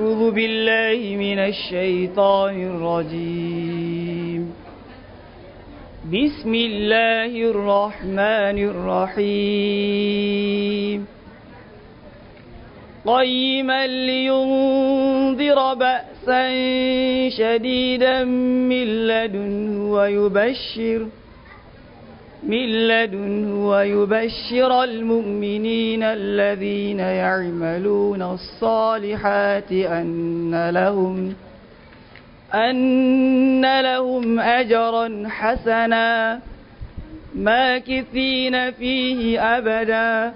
أعوذ بالله من الشيطان الرجيم بسم الله الرحمن الرحيم قيما لينذر بأسا شديدا من لدنه ويبشر من لدنه ويبشر المؤمنين الذين يعملون الصالحات أن لهم أن لهم أجرا حسنا ماكثين فيه أبدا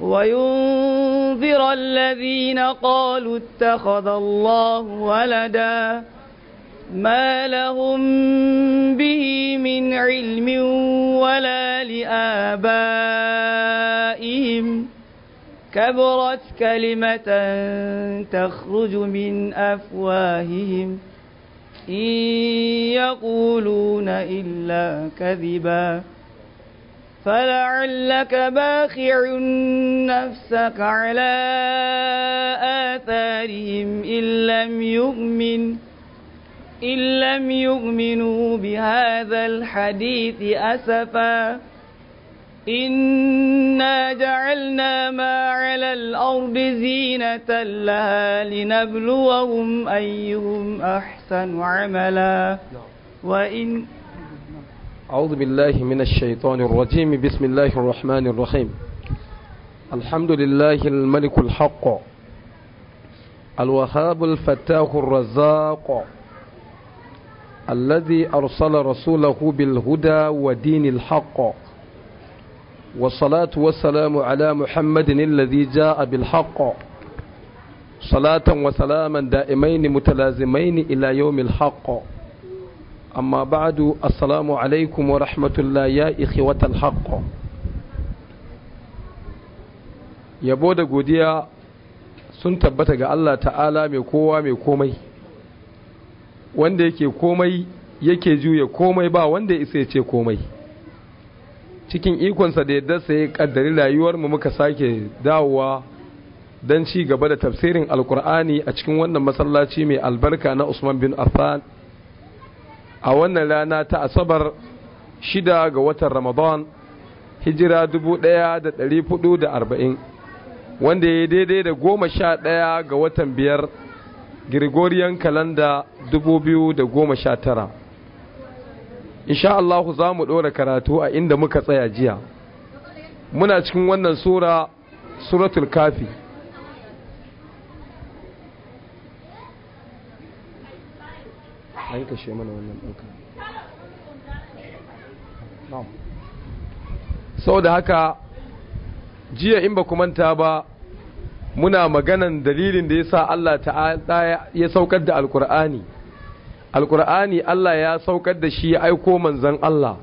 وينذر الذين قالوا اتخذ الله ولداً ما لهم به من علم ولا لآبائهم كبرت كلمة تخرج من أفواههم إن يقولون إلا كذبا فلعلك باخع نفسك على آثارهم إن لم يؤمنوا إن لم يؤمنوا بهذا الحديث أسفا إنا جعلنا ما على الأرض زينة لها لنبلوهم أيهم أحسن عملا وإن أعوذ بالله من الشيطان الرجيم بسم الله الرحمن الرحيم الحمد لله الملك الحق الوهاب الفتاح الرزاق الذي أرسل رسوله بالهدى ودين الحق والصلاة والسلام على محمد الذي جاء بالحق صلاة وسلاما دائمين متلازمين إلى يوم الحق أما بعد السلام عليكم ورحمة الله يا إخوة الحق yabo قديا سنتبتك الله تعالى ga مكومي ta'ala wanda yake komai yake juya komai ba wanda isa ya ce komai cikin ikonsa da yadda sai kaddari mu muka sake dawowa don ci gaba da tafsirin alkur'ani a cikin wannan masallaci mai albarka na usman bin affan a wannan rana ta asabar shida ga watan ramadan hijira 1440 wanda ya daidai da goma sha ɗaya ga watan biyar Gregorian kalanda 2019 insha Allah za mu ɗora karatu a inda muka tsaya jiya muna cikin wannan sura suratul kafi sau da haka jiya in ba ku manta ba muna maganan dalilin da ya sa Allah ta'ala ya saukar da alkur'ani alkur'ani Allah ya saukar da shi ya aiko manzon Allah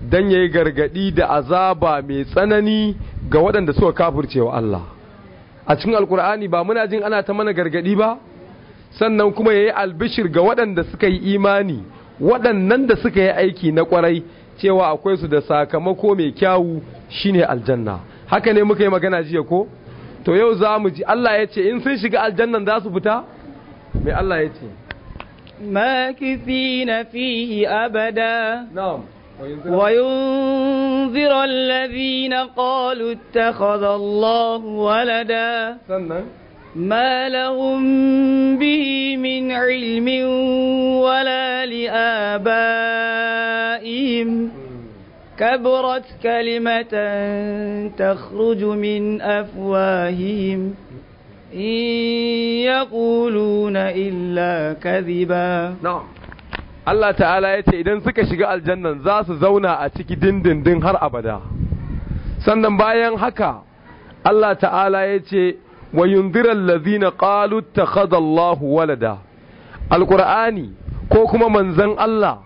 dan yayi gargadi da azaba mai tsanani ga waɗanda suka kafircewa Allah a cikin alkur'ani ba muna jin ana ta mana gargadi ba sannan kuma yayi albishir ga waɗanda suka yi imani waɗannan da suka yi aiki na kwarai cewa akwai su da sakamako mai kyawu shine aljanna haka ne muka yi magana jiya ko to yau za mu ji Allah ya ce in sun shiga aljannan za su fita? mai Allah ya ce makisi na fi abada wayun ziron labi na ƙolu ta kọzallon walada sannan malahun bi min ilmin walali abaim mm -hmm. كبرت كلمة تخرج من أفواههم إن يقولون إلا كذبا نعم Allah ta'ala ya ce idan suka shiga aljanna za su zauna a ciki dindindin har abada sannan bayan haka Allah ta'ala ya ce wa yundirar lazina ƙalu ta khadallahu walada alƙur'ani ko kuma manzon Allah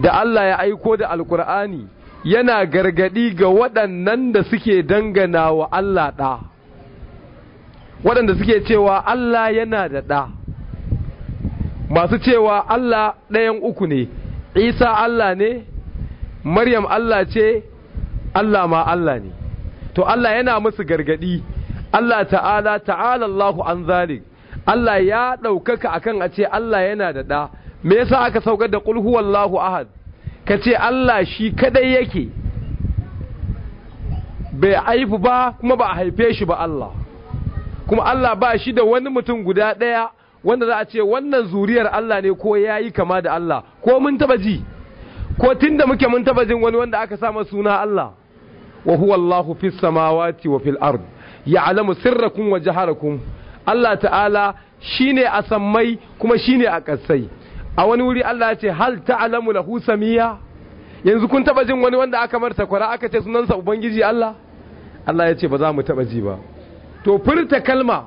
da Allah ya aiko da alƙur'ani yana gargadi ga waɗannan da suke dangana wa Allah ɗa waɗanda suke cewa Allah yana da ɗa masu cewa Allah ɗayan uku ne Isa Allah ne Maryam Allah ce Allah ma Allah ne to Allah yana musu gargadi Allah ta'ala ta'ala Allahu an zalik Allah ya ɗaukaka akan a ce Allah yana da ɗa me yasa aka saukar da qul ahad ka ce Allah shi kadai yake bai haifu ba kuma ba a haife shi ba Allah kuma Allah ba shi da wani mutum guda ɗaya wanda za a ce wannan zuriyar Allah ne ko ya yi kama da Allah ko mun taba ji ko tun da muke mun taba jin wani wanda aka sama suna Allah wa huwa Allahu fis samawati wa fil ard ya'lamu sirrakum wa jaharakum Allah ta'ala shine a sammai kuma shine a ƙasai a wani wuri Allah ya ce hal ta'lamu lahu samiya yanzu kun taba jin wani wanda aka marta kwara aka ce sunansa ubangiji Allah Allah ya ce ba za mu taba ji ba to furta kalma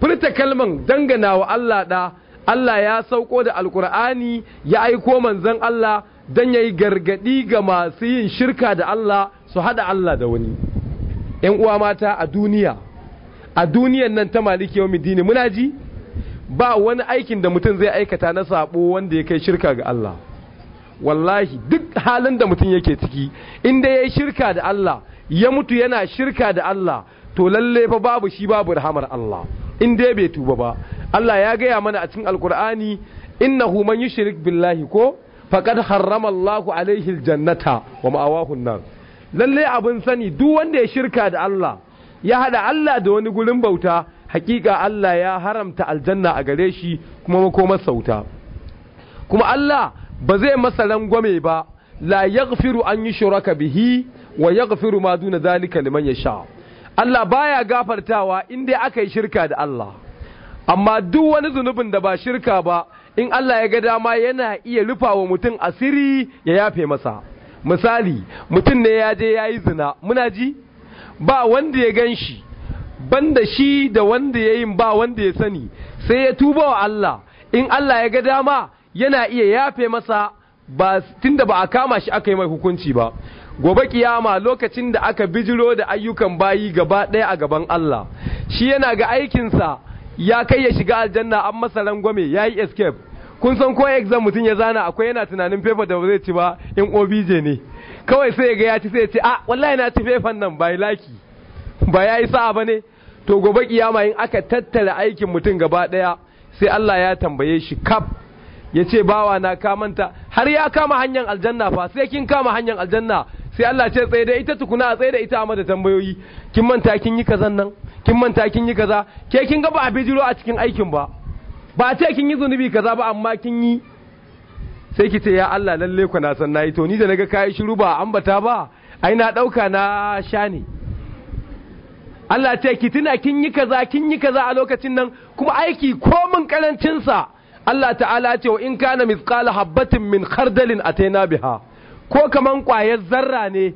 furta kalman dangana Allah da Allah ya sauko da alkur'ani ya aiko manzon Allah dan yayi gargadi ga masu yin shirka da Allah su hada Allah da wani ƴan uwa mata a duniya a duniyan nan ta maliki dini muna ji ba wani aikin da mutum zai aikata na sabo wanda ya kai shirka ga Allah wallahi duk halin da mutum yake ciki inda ya yi shirka da Allah ya mutu yana shirka da Allah to lalle fa babu shi babu rahamar Allah in dai bai tuba ba Allah ya gaya mana a cikin alkur'ani innahu man yushrik billahi ko faqad harrama Allahu alaihi aljannata wa ma'awahu an-nar lalle abin sani duk wanda ya shirka da Allah ya hada Allah da wani gurin bauta hakika Allah ya haramta aljanna a gare shi kuma makomar sauta kuma Allah ba zai masa rangwame ba la yaghfiru an yushraka bihi wa yaghfiru ma duna zalika liman yasha Allah baya gafartawa in dai aka yi shirka da Allah amma duk wani zunubin da ba shirka ba in Allah ya ga dama yana iya rufa wa mutum asiri ya yafe masa misali mutum ne ya je ya yi zina muna ji ba wanda ya gan shi banda shi da wanda ya yin ba wanda ya sani sai ya tuba wa Allah in Allah ya ga dama yana iya yafe masa ba tunda ba a kama shi aka yi mai hukunci ba gobe kiyama lokacin da aka bijiro da ayyukan bayi gaba ɗaya a gaban Allah shi yana ga aikinsa ya kai ya shiga aljanna an masa rangwame ya yi escape kun san ko exam mutum ya zana akwai yana tunanin fefa da zai ci ba in obj ne kawai sai ya ga ya ci sai ya ce a ah, wallahi na ci fefan nan bai laki ba ya yi sa'a ba ne to gobe kiyama yin aka tattara aikin mutum gaba ɗaya sai Allah ya tambaye shi kaf ya ce bawa na kamanta har ya kama hanyar aljanna fa sai kin kama hanyar aljanna sai Allah ce tsaye da ita tukuna a tsaye da ita a mata tambayoyi kin manta kin yi kazan nan kin manta kin yi kaza ke kin ga ba a bijiro a cikin aikin ba ba ce kin yi zunubi kaza ba amma kin yi sai ki ce ya Allah lalle ku na san nayi to ni da naga kai shiru ba ambata ba ai na dauka na sha ne Allah ce ki tuna kin yi kaza kin yi kaza a lokacin nan kuma aiki komin karancin sa Allah ta'ala ce wa in kana mithqala habatin min khardalin ataina biha ko kaman kwayar zarra ne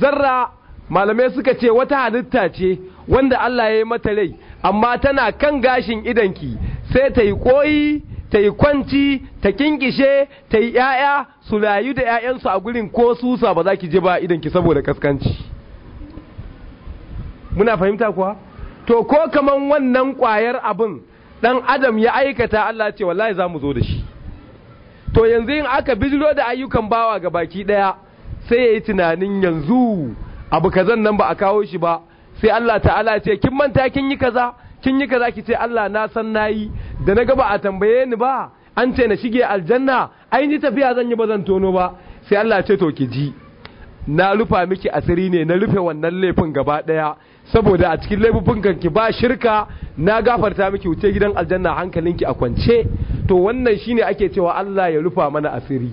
zarra malamai suka ce wata halitta ce wanda Allah ya yi mata rai amma tana kan gashin idanki sai ta yi koyi ta yi kwanci ta kingishe ta yi ‘ya'ya su rayu da ‘ya'yansu a gurin ko susa ba za ki je ba idanki saboda kaskanci. muna fahimta kuwa to ko kaman wannan kwayar abin ɗan adam ya aikata Allah ce wallahi za mu zo da shi to yanzu yin aka bijiro da ayyukan bawa ga baki ɗaya sai ya yi tunanin yanzu abu kazan nan ba a kawo shi ba sai Allah ta'ala ce kin manta kin yi kaza kin yi kaza ki ce Allah na san nayi da na ga ba a tambaye ni ba an ce na shige aljanna ai ni tafiya zan yi ba zan tono ba sai Allah ce to ki ji na rufa miki asiri ne na rufe wannan laifin gaba daya saboda a cikin laifukan ki ba shirka na gafarta miki wuce gidan aljanna hankalinki a kwance to wannan shine ake cewa Allah ya rufa mana asiri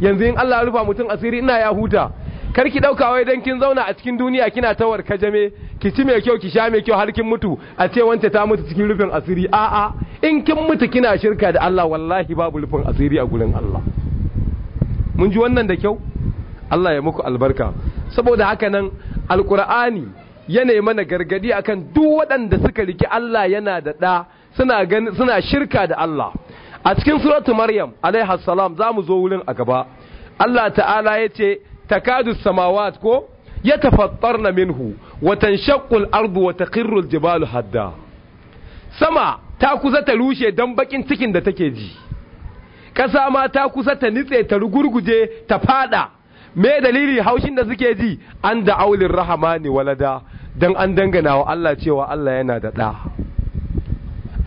yanzu in Allah ya rufa mutum asiri ina ya huta kar ki dauka wai dan kin zauna a cikin duniya kina tawar kajame ki ci mai kyau ki sha mai kyau har kin mutu a ce wanda ta mutu cikin rufin asiri a'a in kin mutu kina shirka da Allah wallahi babu rufin asiri a gurin Allah mun ji wannan da kyau Allah ya muku albarka saboda haka nan alqur'ani yana mana gargadi akan duk waɗanda suka riki Allah yana da ɗa suna shirka da Allah a cikin suratu maryam alaiha salam mu zo wurin a gaba Allah ta'ala ya ce, takadu samawat ko ya na minhu Watan shakul ardu wa taqirru jibalu hadda sama ta kusa ta rushe dan bakin cikin da take ji Ƙasa ma ta kusa ta nitse ta rugurguje ta fada me dalili haushin da suke ji an da aulin rahamani walada don an dangana wa Allah cewa Allah yana da ɗa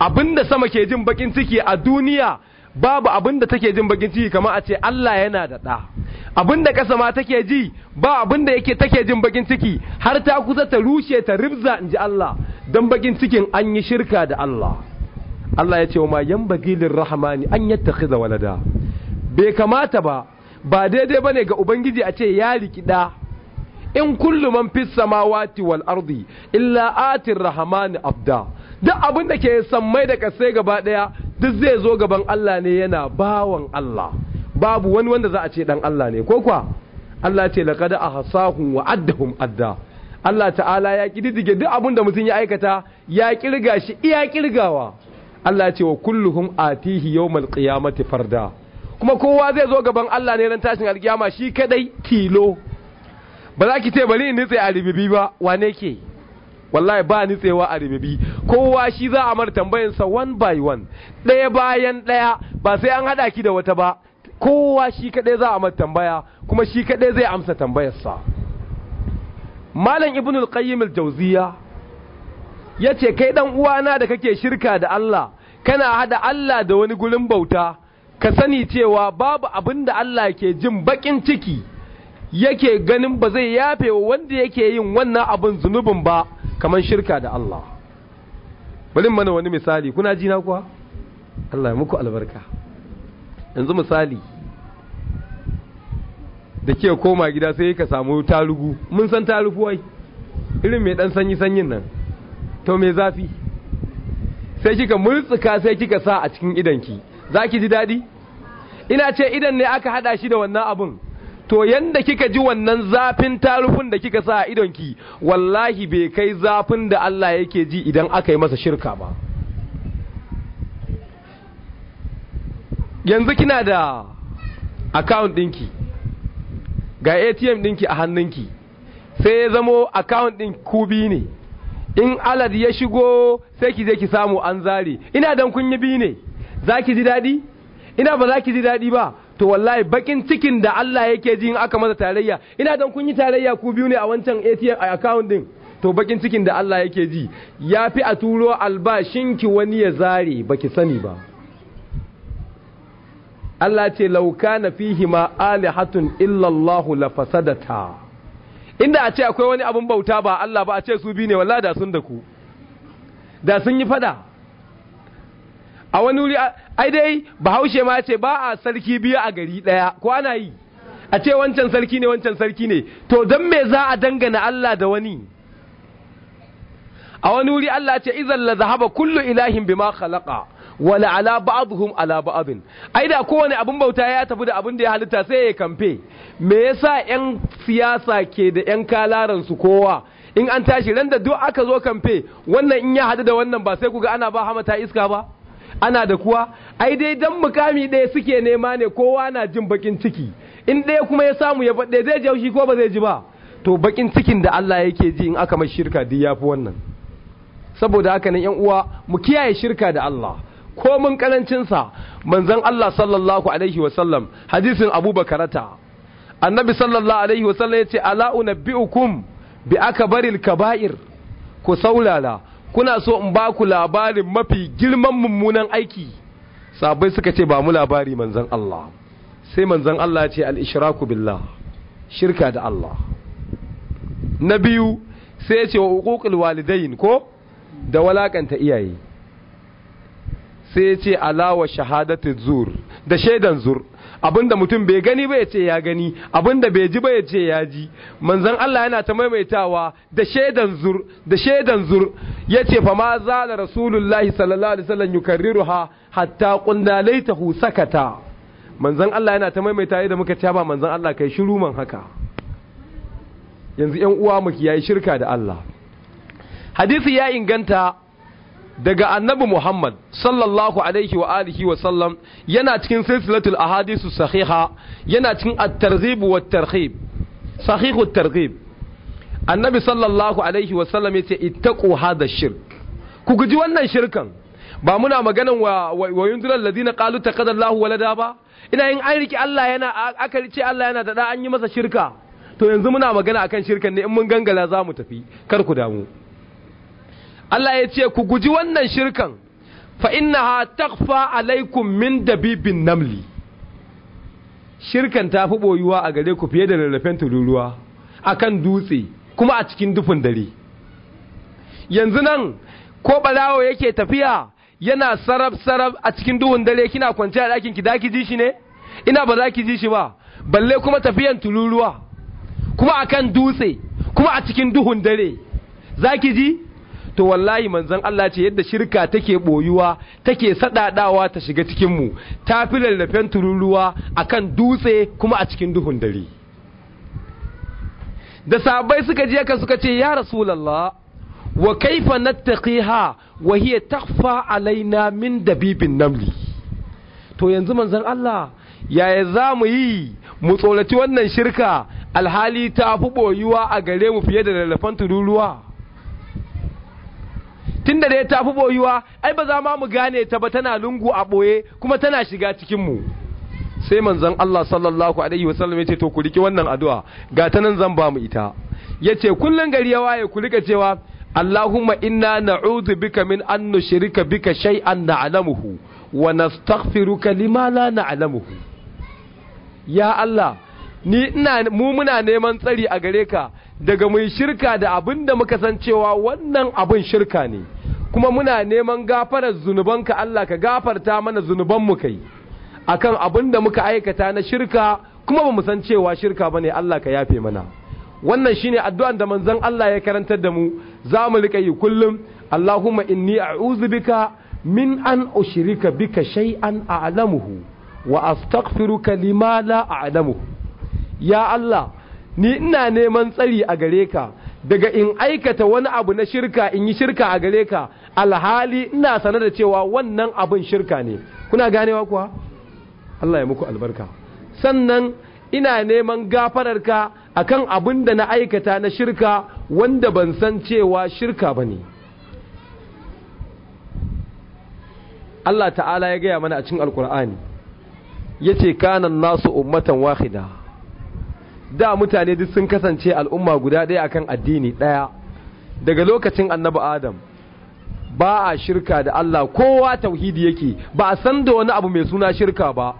abinda sama ke jin bakin ciki a duniya babu abinda take jin bakin ciki kamar a ce Allah yana da ɗa abinda ƙasa ma take ji ba abinda yake take jin bakin ciki har ta kusa ta rushe ta ribza in ji Allah don bakin cikin an yi shirka da Allah Allah ya ce wa ma yan bagilin rahamani an yadda walada bai kamata ba ba daidai ba ne ga ubangiji a ce ya riki ɗa in kullu man fi samawati wal ardi illa atir rahmani abda duk abin da ke sammai da kasai gaba daya duk zai zo gaban Allah ne yana bawan Allah babu wani wanda za a ce dan Allah ne ko kwa Allah ce laqad ahsahum wa addahum adda Allah ta'ala ya kididige duk abin da mutum ya aikata ya kirga shi iya kirgawa Allah ce wa kulluhum atihi yawmal qiyamati farda kuma kowa zai zo gaban Allah ne ran tashin alkiyama shi kadai tilo ba za ki ce bari in nitse a ribibi ba wane ke wallahi ba nitsewa a ribibi kowa shi za a mar tambayin sa one by one ɗaya bayan ɗaya ba sai an haɗa ki da wata ba kowa shi kaɗai za a mar tambaya kuma shi kaɗai zai amsa tambayar sa. malam al qayyim al-jawziya yace kai dan uwana da kake shirka da Allah kana hada Allah da wani gurin bauta ka sani cewa babu abin da Allah ke jin bakin ciki yake ganin ba zai yafe wa wanda yake yin wannan abin zunubin ba kamar shirka da Allah bari mana wani misali kuna ji na kuwa Allah ya muku albarka yanzu misali da ke koma gida sai ka samu tarugu mun san tarugu wai irin mai dan sanyi sanyin nan to mai zafi sai kika murtsuka sai kika sa a cikin idanki za ki ji daɗi ina ce idan ne aka haɗa shi da wannan abin to yanda kika ji wannan zafin tarufin da kika sa a idonki wallahi bai kai zafin da Allah yake ji idan aka yi masa shirka ba yanzu kina da account ɗinki ga ATM ɗinki a hannunki sai ya zamo account ɗin kubi ne in alad ya shigo sai ki je ki samu an zare ina dan kun yi bi ne za ji daɗi ina ba za ji daɗi ba to wallahi bakin cikin da Allah yake ji in aka masa tarayya ina dan kun yi tarayya ku biyu ne a wancan ATM account din to bakin cikin da Allah yake ji yafi fi a turo albashinki wani ya zare baki sani ba Allah ce lauka na fihi ma alihatun illallahu la fasadata inda a ce akwai wani abun bauta ba Allah ba a ce su bi ne wallahi da sun da ku da sun yi fada a wani wuri ai dai bahaushe ma ce ba a sarki biyu a gari ɗaya ko ana yi a ce wancan sarki ne wancan sarki ne to don me za a dangana Allah da wani a wani wuri Allah ce izan la zahaba kullu ilahin bima khalaqa wala ala ba'dhum ala ba'din ai da kowane abin bauta ya tafi da abin da ya halitta sai ya kamfe me yasa yan siyasa ke da yan kalaran su kowa in an tashi ran da duk aka zo kamfe wannan in ya hadu da wannan ba sai ku ga ana ba hamata iska ba ana da kuwa ai dai dan mukami ɗaya suke nema ne kowa na jin bakin ciki in ɗaya kuma ya samu ya faɗe zai jaushi ko ba zai ji ba to bakin cikin da Allah yake ji in aka mai shirka duk yafi wannan saboda haka nan yan uwa mu kiyaye shirka da Allah ko mun karancin sa manzon Allah sallallahu alaihi wasallam hadisin Abu Bakarata annabi sallallahu alaihi wasallam yace ala unabbiukum bi akbaril kaba'ir ku saulala kuna so in ba ku labarin mafi girman mummunan aiki sabai suka ce ba mu labari manzan Allah sai manzan Allah ce al-ishraku billah shirka da Allah na biyu sai ya ce wa hukukul walidayin ko da walakanta iyaye sai ya ce alawa shahadatu zur da shaidan zur abinda mutum bai gani ba ya ce ya gani abinda bai ji ba ya ce ya ji manzon Allah yana ta maimaitawa da shaidan zur da shaidan zur yace fa ma zala rasulullahi sallallahu alaihi wasallam yukarriruha hatta qulna laitahu sakata manzon Allah yana ta maimaita da muka ce ba manzon Allah kai shiru man haka yanzu ƴan uwa mu kiyaye shirka da Allah hadisi ya inganta daga annabi Muhammad sallallahu alaihi wa alihi wa sallam yana cikin silsilatul ahadisu sahiha yana cikin at-targhib wa tarhib sahihu targhib annabi sallallahu alaihi wa sallam yace ittaqu hadha shirk ku guji wannan shirkan ba muna maganan wa wa yunzilal ladina qalu taqadallahu walada ba ina yin an riki Allah yana aka ce Allah yana da da an yi masa shirka to yanzu muna magana akan shirkan ne in mun gangala za mu tafi kar ku damu Allah ya ce ku guji wannan shirkan fa ha takfa alaikum min dabibin namli shirkan ta fi boyuwa a gare ku fiye da rarrafen tururuwa akan dutse kuma a cikin dufin dare yanzu nan ko balawo yake tafiya yana sarab sarab a cikin duhun dare kina kwance a ɗakin ki daki ji shi ne ina ba za ki ji shi ba balle kuma tafiyan tururuwa kuma akan dutse kuma a cikin duhun dare za ki ji to wallahi manzon Allah ce yadda shirka take boyuwa take sadadawa ta shiga cikin mu ta fi lallafen tururuwa akan dutse kuma a cikin duhun dare da sabai suka je ka suka ce ya rasulullah wa kaifa nattaqiha wa hiya takhfa alaina min dabibin namli to yanzu manzon Allah yaya za mu yi mu tsoraci wannan shirka alhali ta fi boyuwa a gare mu fiye da lallafan tururuwa Tun da ya tafi boyuwa ai ba za ma mu gane ta ba tana lungu a boye kuma tana shiga cikin mu sai manzon Allah sallallahu alaihi wasallam yace to ku riki wannan addu'a ga ta nan zan ba mu ita yace kullum gari ya waye ku rika cewa Allahumma inna na'udhu bika min an nushrika bika shay'an na'lamuhu wa nastaghfiruka lima la na'lamuhu ya Allah ni ina mu muna neman tsari a gare ka daga mai shirka da abin da muka san cewa wannan abin shirka ne kuma muna neman gafarar zunubanka Allah ka gafarta mana zunuban mu kai akan abin da muka aikata na shirka kuma ba mu san cewa shirka bane Allah ka yafe mana wannan shine addu'an da manzon Allah ya karantar da mu za mu rika yi kullum Allahumma inni a'udhu bika min an ushrika bika shay'an a'lamuhu wa astaghfiruka lima la a'lamuhu ya Allah ni ina neman tsari a gare ka daga in aikata wani abu na shirka in yi shirka a gare ka alhali ina sanar da cewa wannan abin shirka ne kuna ganewa kuwa Allah ya muku albarka sannan ina neman gafararka kan abin da na aikata na shirka wanda ban san cewa shirka ba ne Allah ta'ala ya gaya mana a cikin alkur'ani ya ce kanan nasu ummatan wahida da mutane duk sun kasance al'umma guda ɗaya akan addini ɗaya daga lokacin annabi adam ba a shirka da Allah kowa tauhidi yake ba a san da wani abu mai suna shirka ba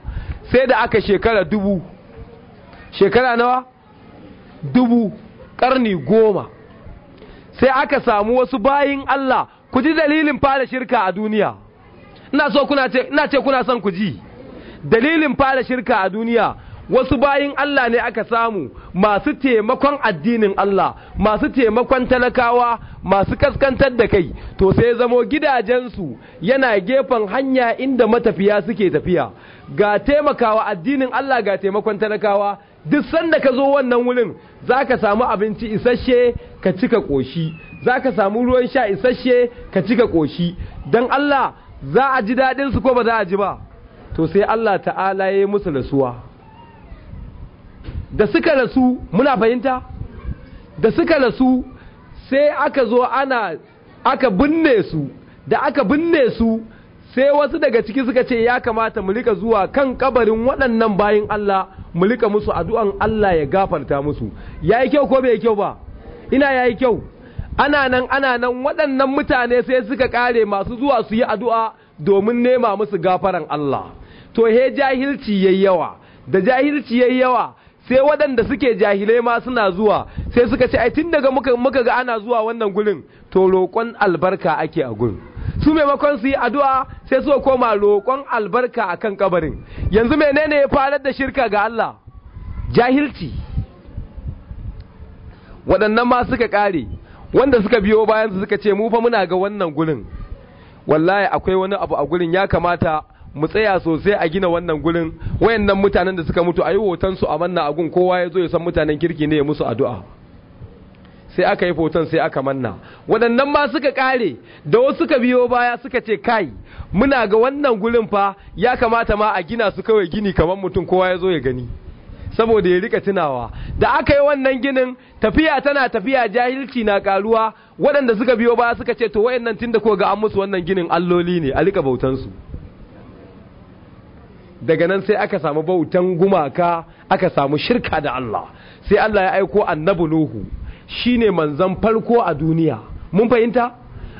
sai da aka shekara dubu shekara nawa dubu karni goma sai aka samu wasu bayin Allah ku ji dalilin fara shirka a duniya ina so kuna ce kuna son ku ji dalilin fara shirka a duniya wasu bayin Allah ne aka samu masu taimakon addinin Allah masu taimakon talakawa masu kaskantar da kai to sai zamo gidajensu yana gefen hanya inda matafiya suke tafiya ga taimakawa addinin Allah ga taimakon talakawa duk sanda ka zo wannan wurin za ka samu abinci isasshe ka cika ƙoshi za ka samu ruwan sha isasshe ka cika ƙoshi don Allah za a ji daɗinsu ko ba za a ji ba to sai Allah ta'ala ya yi musu rasuwa da suka rasu muna fahimta da suka rasu sai aka zo ana aka binne su da aka binne su sai wasu daga ciki suka ce ya kamata mu rika zuwa kan kabarin waɗannan bayin Allah mu rika musu addu'an Allah ya gafarta musu yayi kyau ko bai kyau ba ina yayi kyau ana nan ana nan waɗannan mutane sai suka kare masu zuwa su yi addu'a domin nema musu gafaran Allah to he jahilci yayyawa yawa da jahilci yayyawa yawa sai waɗanda suke jahilai ma suna zuwa sai suka ce ai tun daga muka muka ga ana zuwa wannan gurin to roƙon albarka ake a gurin su maimakon su yi addu'a sai suka koma roƙon albarka akan kabarin yanzu menene ya farar da shirka ga Allah jahilci waɗannan ma suka kare wanda suka biyo bayan su suka ce mu fa muna ga wannan gurin wallahi akwai wani abu a gurin ya kamata mu tsaya sosai a gina wannan gurin wayannan mutanen da suka mutu a yi hoton su a manna a gun kowa ya zo ya san mutanen kirki ne ya musu addu'a sai aka yi hoton sai aka manna waɗannan ma suka ƙare da wasu suka biyo baya suka ce kai muna ga wannan gurin fa ya kamata ma a gina su kawai gini kamar mutum kowa ya zo ya gani saboda ya rika tunawa da aka yi wannan ginin tafiya tana tafiya jahilci na karuwa waɗanda suka biyo baya suka ce to wayannan tunda ko ga an musu wannan ginin alloli ne a rika bautansu su daga nan sai aka samu bautan gumaka aka samu shirka da Allah sai Allah ya aiko annabi Nuhu shine manzon farko a duniya mun fahimta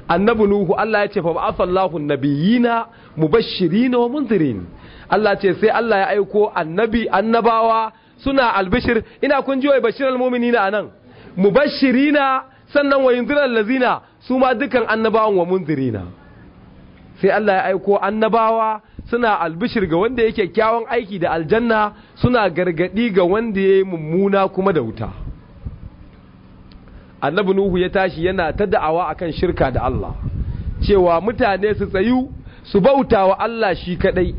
annabi Nuhu Allah ya ce fa ba'athallahu nabiyina mubashirin wa munzirin Allah ce sai Allah ya aiko annabi annabawa suna albishir ina kun ji wai bashiral mu'minina anan mubashirina sannan wa yunziral lazina su ma dukan annabawan wa munzirina sai Allah ya aiko annabawa suna albishir ga wanda yake kyawun aiki da aljanna suna gargadi ga wanda ya yi mummuna kuma da wuta annabi nuhu ya tashi yana ta da'awa akan shirka da Allah cewa mutane su tsayu su bauta wa Allah shi kaɗai,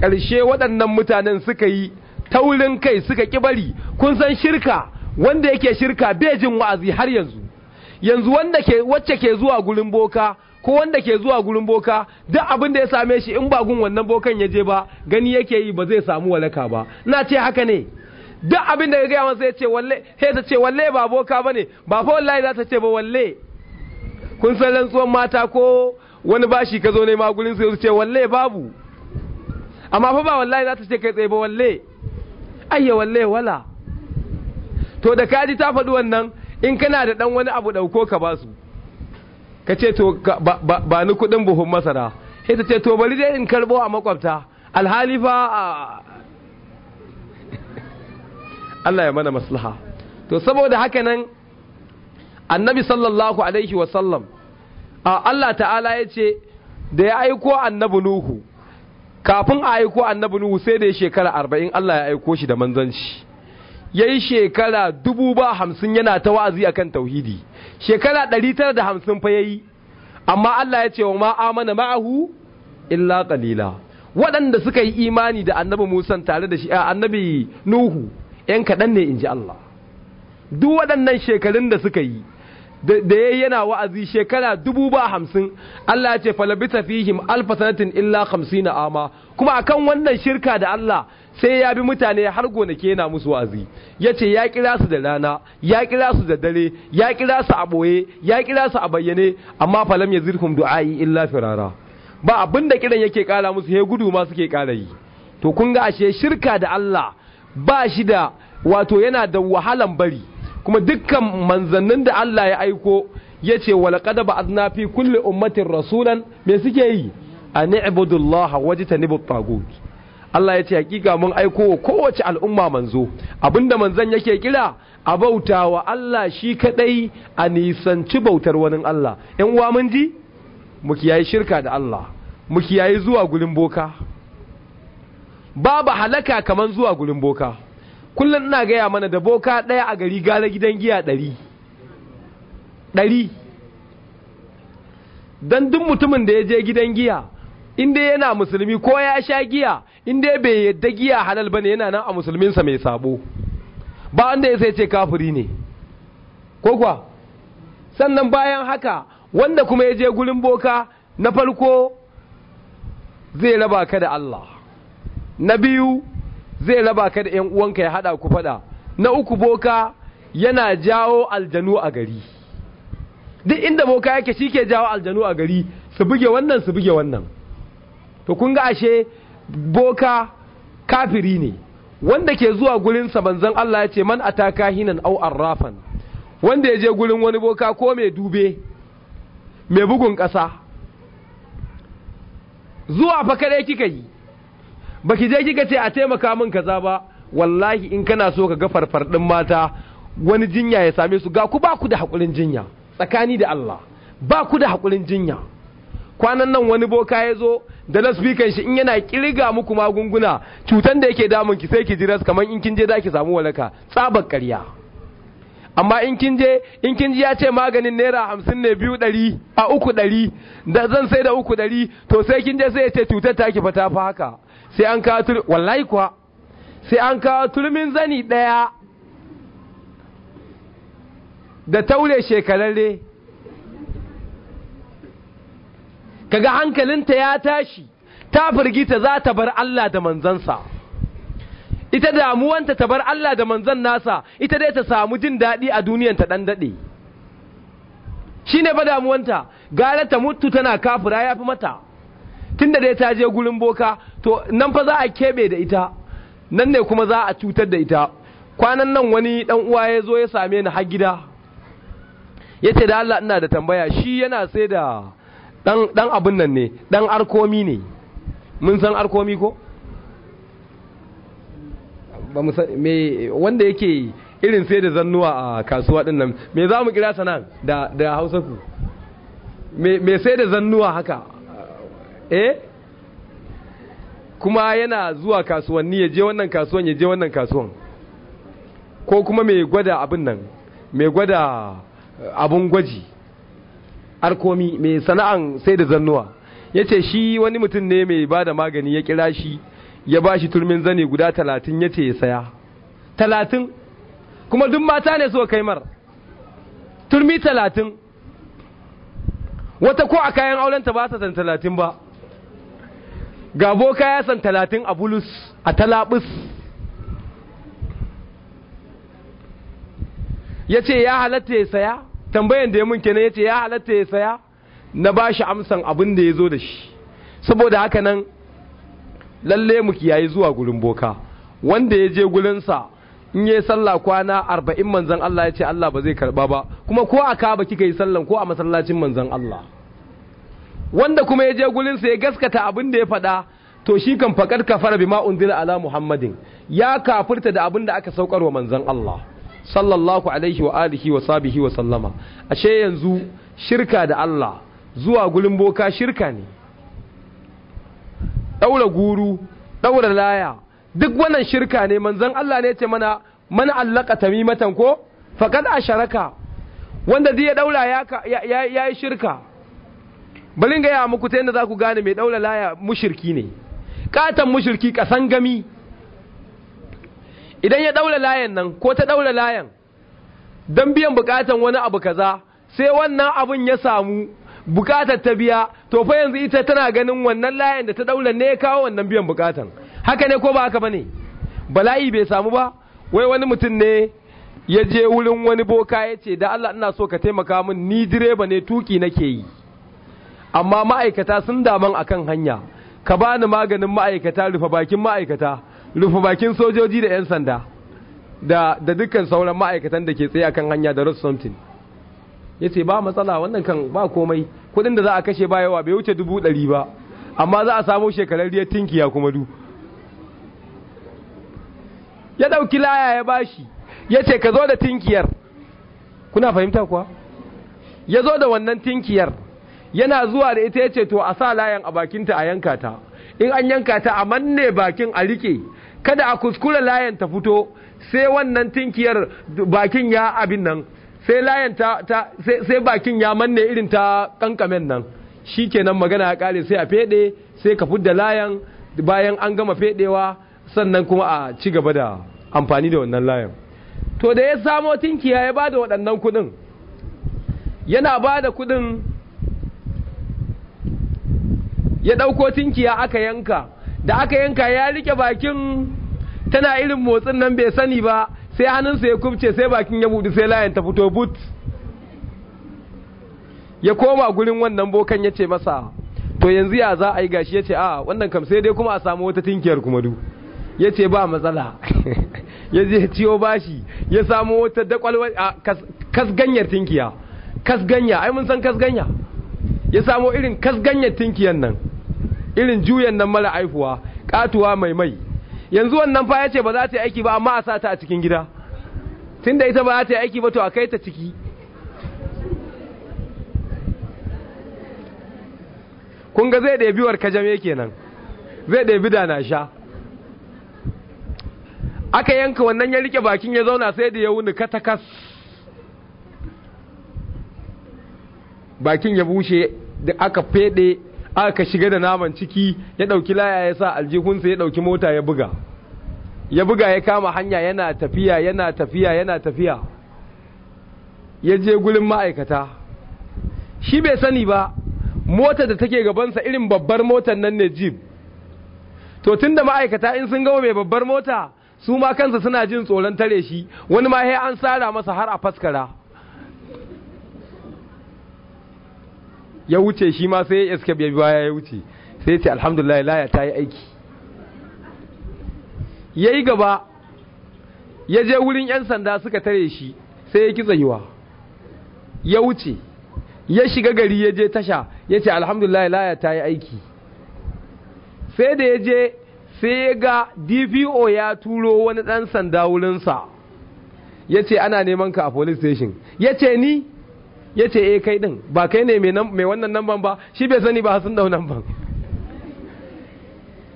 ƙarshe waɗannan mutanen suka yi taurin kai suka ki bari kun san shirka wanda yake shirka bejin wa'azi har yanzu yanzu wacce ke zuwa gurin boka ko wanda ke zuwa gurin boka duk abin da ya same shi in ba gun wannan bokan ya je ba gani yake yi ba zai samu walaka ba na ce haka ne duk abin da ya gaya masa ya ce walle sai ta ce walle ba boka bane ba fa wallahi za ta ce ba walle kun san rantsuwan mata ko wani bashi ka zo ne ma gurin sai su ce walle babu amma fa ba wallahi za ta ce kai tsaye ba walle ayya walle wala to da kaji ta faɗi wannan in kana da ɗan wani abu ɗauko ka basu ka ce to ba ni kuɗin buhun masara sai ta ce to bari dai in karɓo a makwabta alhali fa Allah ya mana maslaha to saboda haka nan annabi sallallahu alaihi wasallam Allah ta'ala ya ce da ya aiko annabi Nuhu kafin a aiko annabi Nuhu sai da ya shekara arba'in Allah ya aiko shi da manzanci ya yi shekara dubu ba hamsin yana ta wa'azi a kan tauhidi shekara ɗari tara da hamsin fa ya yi amma Allah ya ce wa ma'amana ma'ahu illa ƙalila waɗanda suka yi imani da annabi musan tare da shi a annabi nuhu ‘yan kaɗan ne in ji Allah duk waɗannan shekarun da suka yi da ya yana wa'azi shekara dubu ba hamsin Allah ya ce falabita fihim alfa sanatin illa hamsin ama kuma akan wannan shirka da Allah sai ya bi mutane har gonake yana musu wa'azi ya ce ya kira su da rana ya kira su da dare ya kira su a ɓoye ya kira su a bayyane amma falam ya zirkum du'a'i illa firara ba abin da kiran yake kara musu he gudu ma suke kara yi to kun ga ashe shirka da Allah ba shi da wato yana da wahalan bari kuma dukkan manzannin da Allah ya aiko ya ce walaƙada ba'adna fi kulli ummatin rasulan me suke yi an ibudullaha wajtanibu tagut Allah ya ce hakika mun aiko kowace al'umma manzo abinda manzon yake kira a bauta wa Allah shi kadai a nisanci bautar wani Allah ƴan uwa mun ji mu kiyaye shirka da Allah mu kiyaye zuwa gurin boka babu halaka kaman zuwa gurin boka kullum ina gaya mana da boka ɗaya a gari gare gidan giya ɗari ɗari don duk mutumin da ya je gidan giya inda yana musulmi ko ya sha giya in dai bai yadda giya halal bane yana nan a musulminsa mai sabo ba wanda ya sai ce kafiri ne ko kuwa sannan bayan haka wanda kuma ya je gurin boka na farko zai raba ka da Allah na biyu zai raba ka da ‘yan uwanka ya haɗa ku faɗa na uku boka yana jawo aljanu a gari duk inda boka yake shi ke jawo aljanu a gari su buge wannan su buge wannan to kun ga ashe boka kafiri ne wanda ke zuwa gurinsa manzon Allah ya ce man ataka hinan au arrafan wanda ya je gurin wani boka ko mai dube mai bugun ƙasa zuwa fa kare kika yi baki je kika ce a taimaka min kaza ba wallahi in kana so ka ga farfardin mata wani jinya ya same su ga ku ba ku da hakurin jinya tsakani da Allah ba ku da hakurin jinya kwanan nan wani boka ya zo da lasfikan shi in yana kirga muku magunguna cutan da yake damun ki sai ki jiras kamar in kin je zaki samu walaka tsabar ƙarya amma in kin je in kin ji ya ce maganin naira hamsin ne biyu ɗari a uku ɗari da zan sai da uku ɗari to sai kin je sai ya ce cutar ta ki fa ta fa haka sai an kawo tur wallahi kuwa sai an kawo turmin zani ɗaya da taure shekararre kaga hankalinta ya tashi ta firgita za ta bar Allah da manzansa ita damuwanta ta bar Allah da manzan nasa ita dai ta samu jin daɗi a duniyan ta ɗan daɗe shi ne fa damuwanta gara ta mutu tana kafura ya fi mata tun da dai ta je gurin boka to nan fa za a keɓe da ita nan ne kuma za a cutar da ita kwanan nan wani ɗan uwa ya zo ya same ni har gida yace da Allah ina da tambaya shi yana sai da dan abin nan ne dan arkomi ne mun san arkomi ko ba mu san me wanda yake irin sai da zannuwa a kasuwa din nan me za mu kira sanan da da Hausa ku me me sai da zannuwa haka eh kuma yana zuwa kasuwanni ya je wannan kasuwan ya je wannan kasuwan ko kuma mai gwada abin nan mai gwada abun eh, gwaji arkomi mai sana'an sai da zannuwa ya ce shi wani mutum ne mai ba da magani ya kira shi ya ba shi turmin zane guda talatin ya ce ya saya talatin kuma duk mata ne suka kai turmi talatin wata ko a kayan aurenta ba ta san talatin ba ga boka ya san talatin a bulus a talabus ya ce ya halatta ya saya tambayan da ya mun kenan yace ya halatta ya saya na bashi amsan abin da ya zo da shi saboda haka nan lalle mu kiyaye zuwa gurin boka wanda ya je gurinsa in yi sallah kwana arba'in manzan Allah ya ce Allah ba zai karba ba kuma ko a kaba kika yi sallan ko a masallacin manzan Allah wanda kuma ya je gurinsa ya gaskata abin da ya faɗa to shi kan faƙar kafara bi ma'un ala Muhammadin ya kafirta da abin da aka saukar wa manzan Allah sallallahu alaihi wa alihi wa sabihi wa sallama ashe yanzu shirka da Allah zuwa gurin boka shirka ne daura guru daura laya duk wannan shirka ne manzon Allah ne ce mana man allaka tamimatan ko faqad asharaka wanda zai ya daura ya yayi shirka balin ga ya muku ta yanda za ku gane mai daura laya mushirki ne katan mushirki kasan gami idan ya daura layan nan ko ta daura layan don biyan bukatan wani abu kaza sai wannan abun ya samu bukatar ta biya to fa yanzu ita tana ganin wannan layan da ta daura ne ya kawo wannan biyan bukatan haka ne ko ba haka bane bala'i bai samu ba wai wani mutum ne ya je wurin wani boka ya ce da Allah ina so ka taimaka min ni direba ne tuki nake yi amma ma'aikata sun daman akan hanya ka bani maganin ma'aikata rufe bakin ma'aikata rufe bakin sojoji da 'yan sanda da dukkan sauran ma'aikatan da ke tsaye akan hanya da rus something ya ce ba matsala wannan kan ba komai kudin da za a kashe ba yawa bai wuce dubu ɗari ba amma za a samo shekararriyar tinkiya kuma du ya ɗauki laya ya bashi ya ce ka zo da tinkiyar kuna fahimta kuwa ya zo da wannan tinkiyar yana zuwa da ita ya ce to a sa layan a bakinta a yanka ta in an yanka ta a manne bakin a rike kada a kuskura layan ta fito sai wannan tinkiyar bakin ya abin nan sai layan ta, sai bakin ya manne irin ta kankamen nan shi kenan magana ya kare sai a fede sai ka fudda layan bayan an gama fedewa sannan kuma a ci gaba da amfani da wannan layan to da ya samo tinkiya ya ba da waɗannan kuɗin yana bada kuɗin ya ɗauko tinkiya aka yanka da aka yanka ya rike bakin tana irin motsin nan bai sani ba sai hannunsa ya kubce sai bakin ya budu sai layan ta fito but ya koma gurin wannan bokan ya ce masa to yanzu ya za a yi gashi ya ce a wannan kam sai dai kuma a samu wata tinkiyar kuma du ya ce ba matsala ya je ciwo bashi ya samu wata dakwalwa kasganyar tinkiya kasganya ai mun san kasganya ya samu irin kasganyar tinkiyan nan irin juyan nan mara aifuwa katuwa mai mai yanzu wannan fa yace ba za ta yi aiki ba amma a sata a cikin gida tunda ita ba za ta yi aiki ba to a kai ta ciki kun ga zai ɗabi warkajame kenan zai ɗabi da na sha aka yanka wannan ya rike bakin ya zauna sai da ya wuni katakas bakin ya bushe da aka fede aka shiga da naman ciki ya ɗauki laya ya sa aljihunsa ya ɗauki mota ya buga ya buga ya kama hanya yana tafiya yana tafiya yana tafiya ya je gulin ma'aikata shi bai sani ba motar da take gabansa irin babbar motar nan ne jib to tun da ma'aikata in sun gama mai babbar mota su ma kansa suna jin tsoron tare shi wani ma ya an tsara masa har a faskara ya wuce shi ma sai ya escape ya baya ya wuce sai ce alhamdulillah laya ta yi aiki ya yi gaba ya je wurin 'yan sanda suka tare shi sai ya kitsa yiwa ya wuce ya shiga gari ya je tasha ya ce alhamdulillah laya ta yi aiki sai da ya je sai ya ga dpo ya turo wani ɗan sanda wurinsa ya ce ana neman ka a police station ya ce ni ya ce eh kai din ba kai ne mai wannan namban ba shi bai sani ba sun dau namban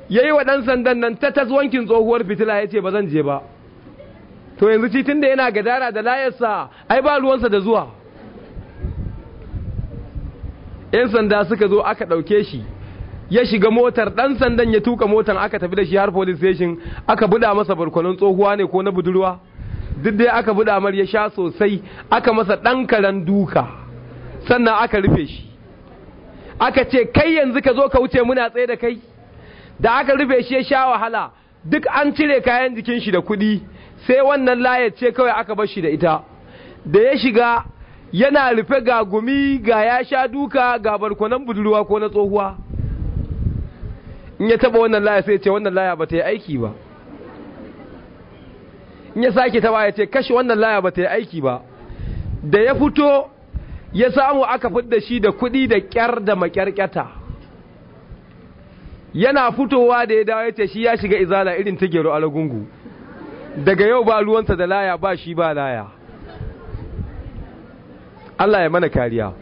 ya yi wa ɗan sandan nan ta taswankin tsohuwar fitila ya ce ba zan je ba to yanzu titin da yana gadara da layarsa ai ba ruwansa da zuwa ‘yan sanda suka zo aka ɗauke shi ya shiga motar ɗan sandan ya tuka motar aka tafi da shi har police station aka buɗa masa barkwanon tsohuwa ne ko na budurwa duk dai aka buɗa mar ya sha sosai aka masa ɗan karen duka sannan aka rufe shi aka ce kai yanzu ka zo ka wuce muna tsaye da kai da aka rufe shi ya sha wahala duk an cire kayan jikin shi da kuɗi sai wannan layar ce kawai aka bar shi da ita da ya shiga yana rufe ga gumi ga ya sha duka ga barkonan budurwa ko na tsohuwa in ya taba wannan laya sai ce wannan laya ba ta yi aiki ba in ya sake ta ya ce kashe wannan laya ba ta yi aiki ba da ya fito ya samu aka fidda shi da kuɗi da kyar da makyarkyata yana fitowa da ya dawo ya ce shi ya shiga izala irin ta gero lagungu daga yau ba ruwansa da laya ba shi ba laya Allah ya mana kariya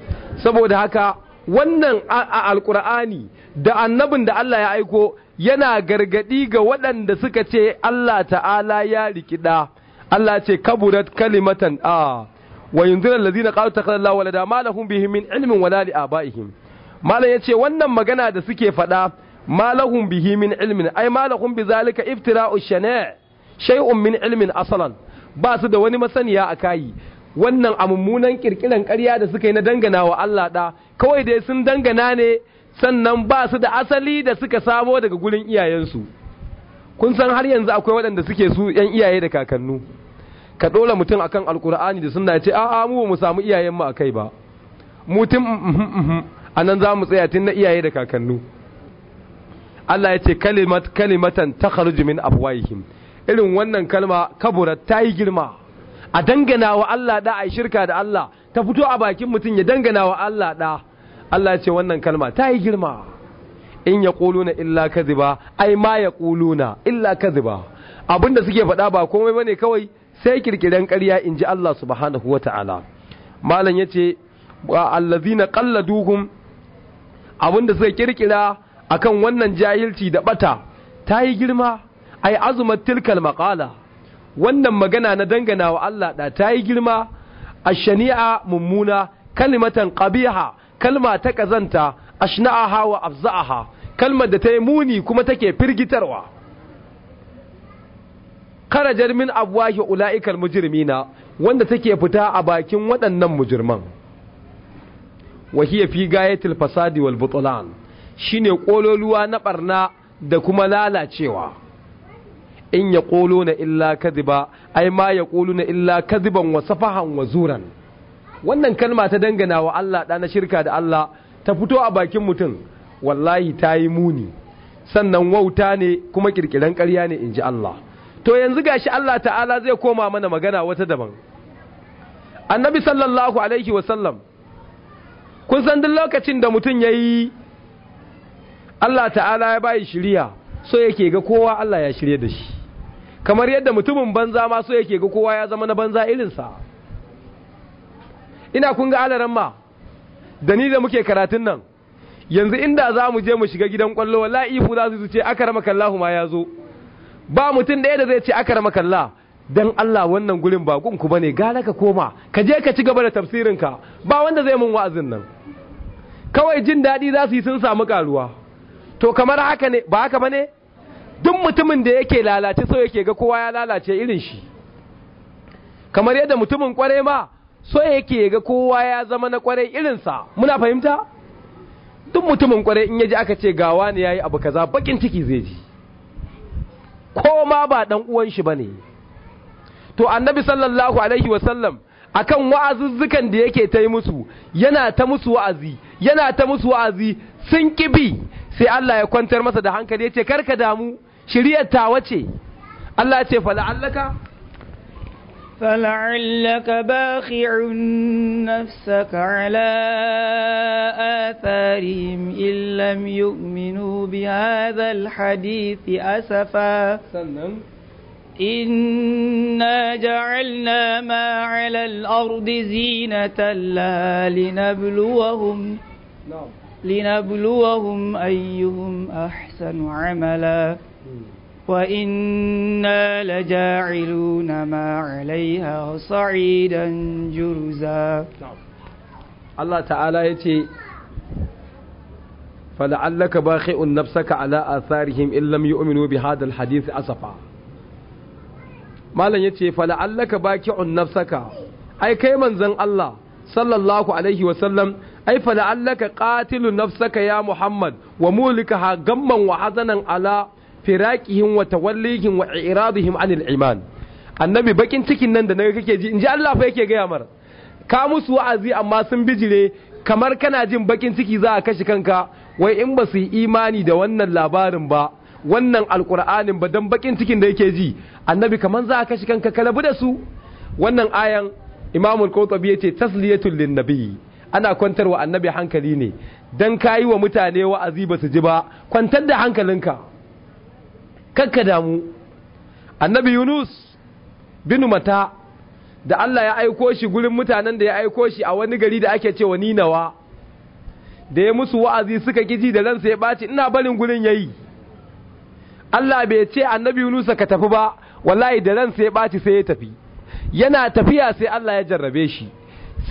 saboda haka wannan a alkur'ani da annabin da Allah ya aiko yana gargadi ga waɗanda suka ce Allah ta'ala ya rikida Allah ce kaburat kalimatan a wa yunzira allazina qalu takhalla walada ma lahum bihi min ilmin wala li abaihim malam yace wannan magana da suke faɗa ma lahum bihi min ilmin ai ma lahum bi zalika iftira'u shana' shay'un min ilmin asalan ba su da wani masaniya a kayi wannan amummunan kirkiran ƙarya da suka yi na dangana wa Allah da kawai dai sun dangana ne sannan ba su da asali da suka samo daga gurin iyayensu kun san har yanzu akwai waɗanda suke su ‘yan iyaye da kakannu ka ɗola mutum akan alkur'ani da suna ce a'a mu mu samu iyayenmu a kai ba mutum uhm, uhm, uhm, a nan za mu tsaya tun na iyaye da kakannu Allah ya ce kalimatan ta kharuji min afwahihim irin wannan kalma kabura ta yi girma a dangana wa Allah da a shirka da Allah ta fito a bakin mutum ya dangana wa Allah da Allah ya ce wannan kalma ta yi girma in ya na illa kaziba ai ma ya kuluna illa kaziba abinda suke faɗa ba komai bane kawai sai kirkiren ƙarya in ji Allah subhanahu wa ta'ala malam ya ce allazina qalladuhum abinda suka kirkira akan wannan jahilci da bata ta yi girma ai azumat tilkal maqala wannan magana na dangana wa Allah da ta yi girma ashani'a mummuna kalimatan qabiha kalma ta kazanta ashna'aha wa afza'aha kalmar da ta yi muni kuma take firgitarwa karajar min abwahi ula'ikal mujirmina, wanda take fita a bakin waɗannan mujirman wahiya fi gayatil fasadi wal butlan shine kololuwa na barna da kuma lalacewa in ya na illa kadiba ai ma ya na illa kadiban wa safahan wa zuran wannan kalma ta dangana wa Allah da na shirka da Allah ta fito a bakin mutum wallahi ta yi muni sannan wauta ne kuma kirkiran ƙarya ne in ji Allah to yanzu gashi Allah ta'ala zai koma mana magana wata daban annabi sallallahu alaihi wasallam kun san duk lokacin da mutum ya yi Allah ta'ala ya bayi shirya so yake ga kowa Allah ya shirya da shi kamar yadda mutumin banza ma so yake ga kowa ya zama na banza irinsa ina kun ga alaran ma da ni da muke karatun nan yanzu inda za mu je mu shiga gidan kwallo wallahi ifu za su ce akarama kallahu ma ya zo ba mutum da da zai ce akarama kallah dan Allah wannan gurin ba gunku bane gara ka koma ka je ka ci gaba da ka ba wanda zai mun wa'azin nan kawai jin daɗi za su yi sun samu karuwa to kamar haka ne ba haka bane duk mutumin da yake lalace so yake ga kowa ya lalace irin shi kamar yadda mutumin kware ma so yake ga kowa ya zama na kwarai sa muna fahimta duk mutumin kwarai in yaji aka ce gawa ne yayi abu kaza bakin ciki zai ji ko ma ba dan uwan shi bane to annabi sallallahu alaihi wasallam akan wa'azuzzukan da yake ta yi musu yana ta musu wa'azi yana ta musu wa'azi sun kibi sai Allah ya kwantar masa da hankali ya ce karka damu shiriyar tawa ce Allah ya ce fala'allaka فلعلك باخع نفسك على آثارهم إن لم يؤمنوا بهذا الحديث أسفا إنا جعلنا ما على الأرض زينة لها لنبلوهم نعم. لنبلوهم أيهم أحسن عملا وإنا لجاعلون ما عليها صعيدا جرزا الله تعالى يتي فلعلك باخئ نفسك على آثارهم إن لم يؤمنوا بهذا الحديث أسفا malam ya ce fala'allaka baki'un nafsaka ai kai manzon Allah sallallahu alaihi wasallam ai fala'allaka qatilun nafsaka ya Muhammad wa mulika ha gamman ala firaqihim wa tawallihim wa iradihim anil iman annabi bakin cikin nan da naga kake ji inji Allah fa yake gaya mar ka musu wa'azi amma sun bijire kamar kana jin bakin ciki za a kashi kanka wai in ba su yi imani da wannan labarin ba wannan alkur'anin ba dan bakin cikin da yake ji annabi kamar za a kashi kanka kalabu da su wannan ayan imamul qutubi yace tasliyatul linnabi ana kwantarwa annabi hankali ne dan kayi wa mutane wa'azi ba su ji ba kwantar da hankalinka kakka damu annabi yunus bin mata da Allah ya aiko shi gurin mutanen da ya aiko shi a wani gari da ake cewa ninawa da ya musu wa'azi suka kiji da ransa ya ɓaci ina barin gurin yayi Allah bai ce annabi Yunus ka tafi ba wallahi da ransa ya ɓaci sai ya tafi yana tafiya sai Allah ya jarrabe shi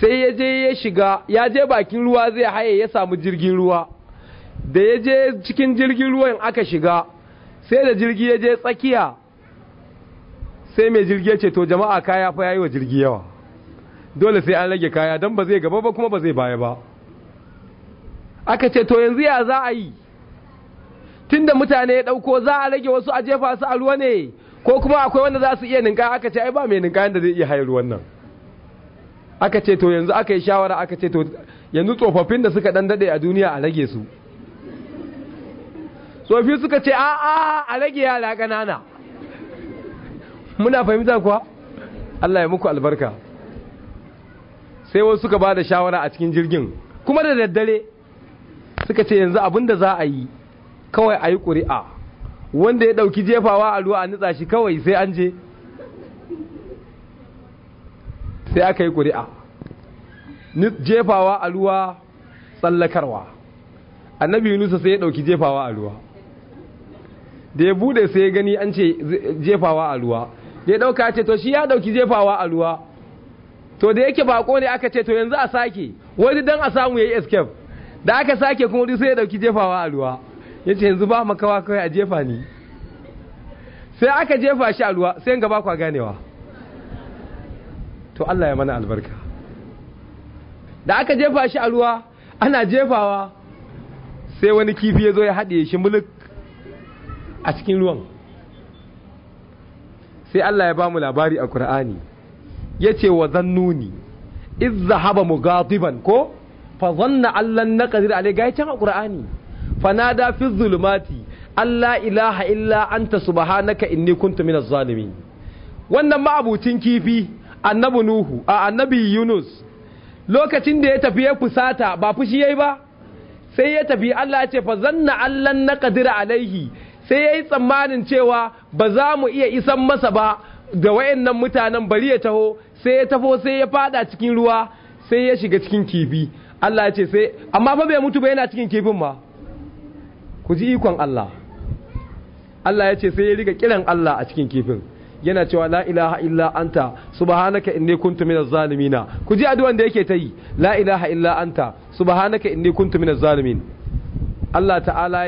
sai ya je ya shiga ya je bakin ruwa zai haye ya samu jirgin ruwa da ya je cikin jirgin ruwan aka shiga sai da jirgi ya je tsakiya sai mai jirgi ya ce to jama'a kaya fa yayi wa jirgi yawa dole sai an rage kaya don ba zai gaba ba kuma ba zai baya ba aka ce to yanzu ya za a yi tun da mutane ya ɗauko za a rage wasu a jefa su a ruwa ne ko kuma akwai wanda za su iya ninka aka ce ai ba mai ninka yadda zai iya hayar ruwan nan aka ce to yanzu aka yi shawara aka ce to yanzu tsofaffin da suka dan daɗe a duniya a rage su tsofi suka ce a'a a rage yara ƙanana muna fahimta kuwa Allah ya muku albarka sai wasu suka ba da shawara a cikin jirgin kuma da daddare suka ce yanzu abin da za a yi kawai a yi ƙuri'a wanda ya ɗauki jefawa a ruwa a nutsa shi kawai sai an je sai aka yi ƙuri'a jefawa a ruwa tsallakarwa annabi yunusa sai ya ɗauki jefawa a ruwa da ya bude sai ya gani an ce jefawa a ruwa da ya dauka ce to shi ya dauki jefawa a ruwa to da yake bako ne aka ce to yanzu a sake wani dan a samu yayi escape da aka sake kuma duk sai ya dauki jefawa a ruwa yace yanzu ba makawa kawai a jefa ni sai aka jefa shi a ruwa sai gaba kwa ganewa to Allah ya mana albarka da aka jefa shi a ruwa ana jefawa sai wani kifi ya zo ya haɗe shi muluk a cikin ruwan sai Allah ya ba mu labari a Kur'ani ya ce wa zannuni iz zahaba mughadiban ko fa zanna allan ƙazir a ga can a fa na dafi zulumati Allah ilaha illa na ka inni kuntu mina zalimi wannan ma'abucin kifi annabi nuhu a annabi yunus lokacin da ya tafi ya fusata ba fushi ya yi ba sai ya tafi Allah ya ce fa zanna allan naqdir alaihi sai ya yi tsammanin cewa ba za mu iya isan masa ba da wayannan mutanen bari ya taho sai ya taho sai ya fada cikin ruwa sai ya shiga cikin kifi Allah ya ce sai amma fa bai mutu ba yana cikin kifin ma ku ji ikon Allah Allah ya ce sai ya riga kiran Allah a cikin kifin yana cewa la ilaha illa anta subhanaka inni kuntu minaz zalimin ku ji addu'an da yake ta yi la ilaha illa anta subhanaka inni kuntu minaz zalimin Allah ta'ala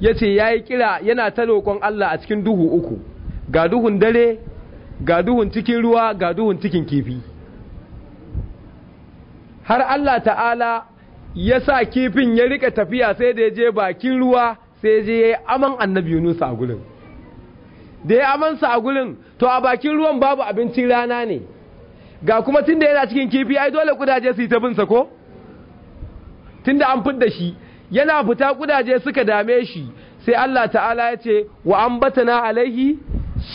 ya ce ya yi kira yana ta roƙon Allah a cikin duhu uku ga duhun dare ga duhun cikin ruwa ga duhun cikin kifi har Allah ta'ala ya sa kifin ya rika tafiya sai da ya je bakin ruwa sai je ya yi aman annabi Yunus a gurin da ya amansa a gurin to a bakin ruwan babu abincin rana ne ga kuma tun da yana cikin kifi ai dole kudaje su yi ta binsa ko tun da an da shi yana fita kudaje suka dame shi sai Allah ta'ala ya ce wa ambatana alaihi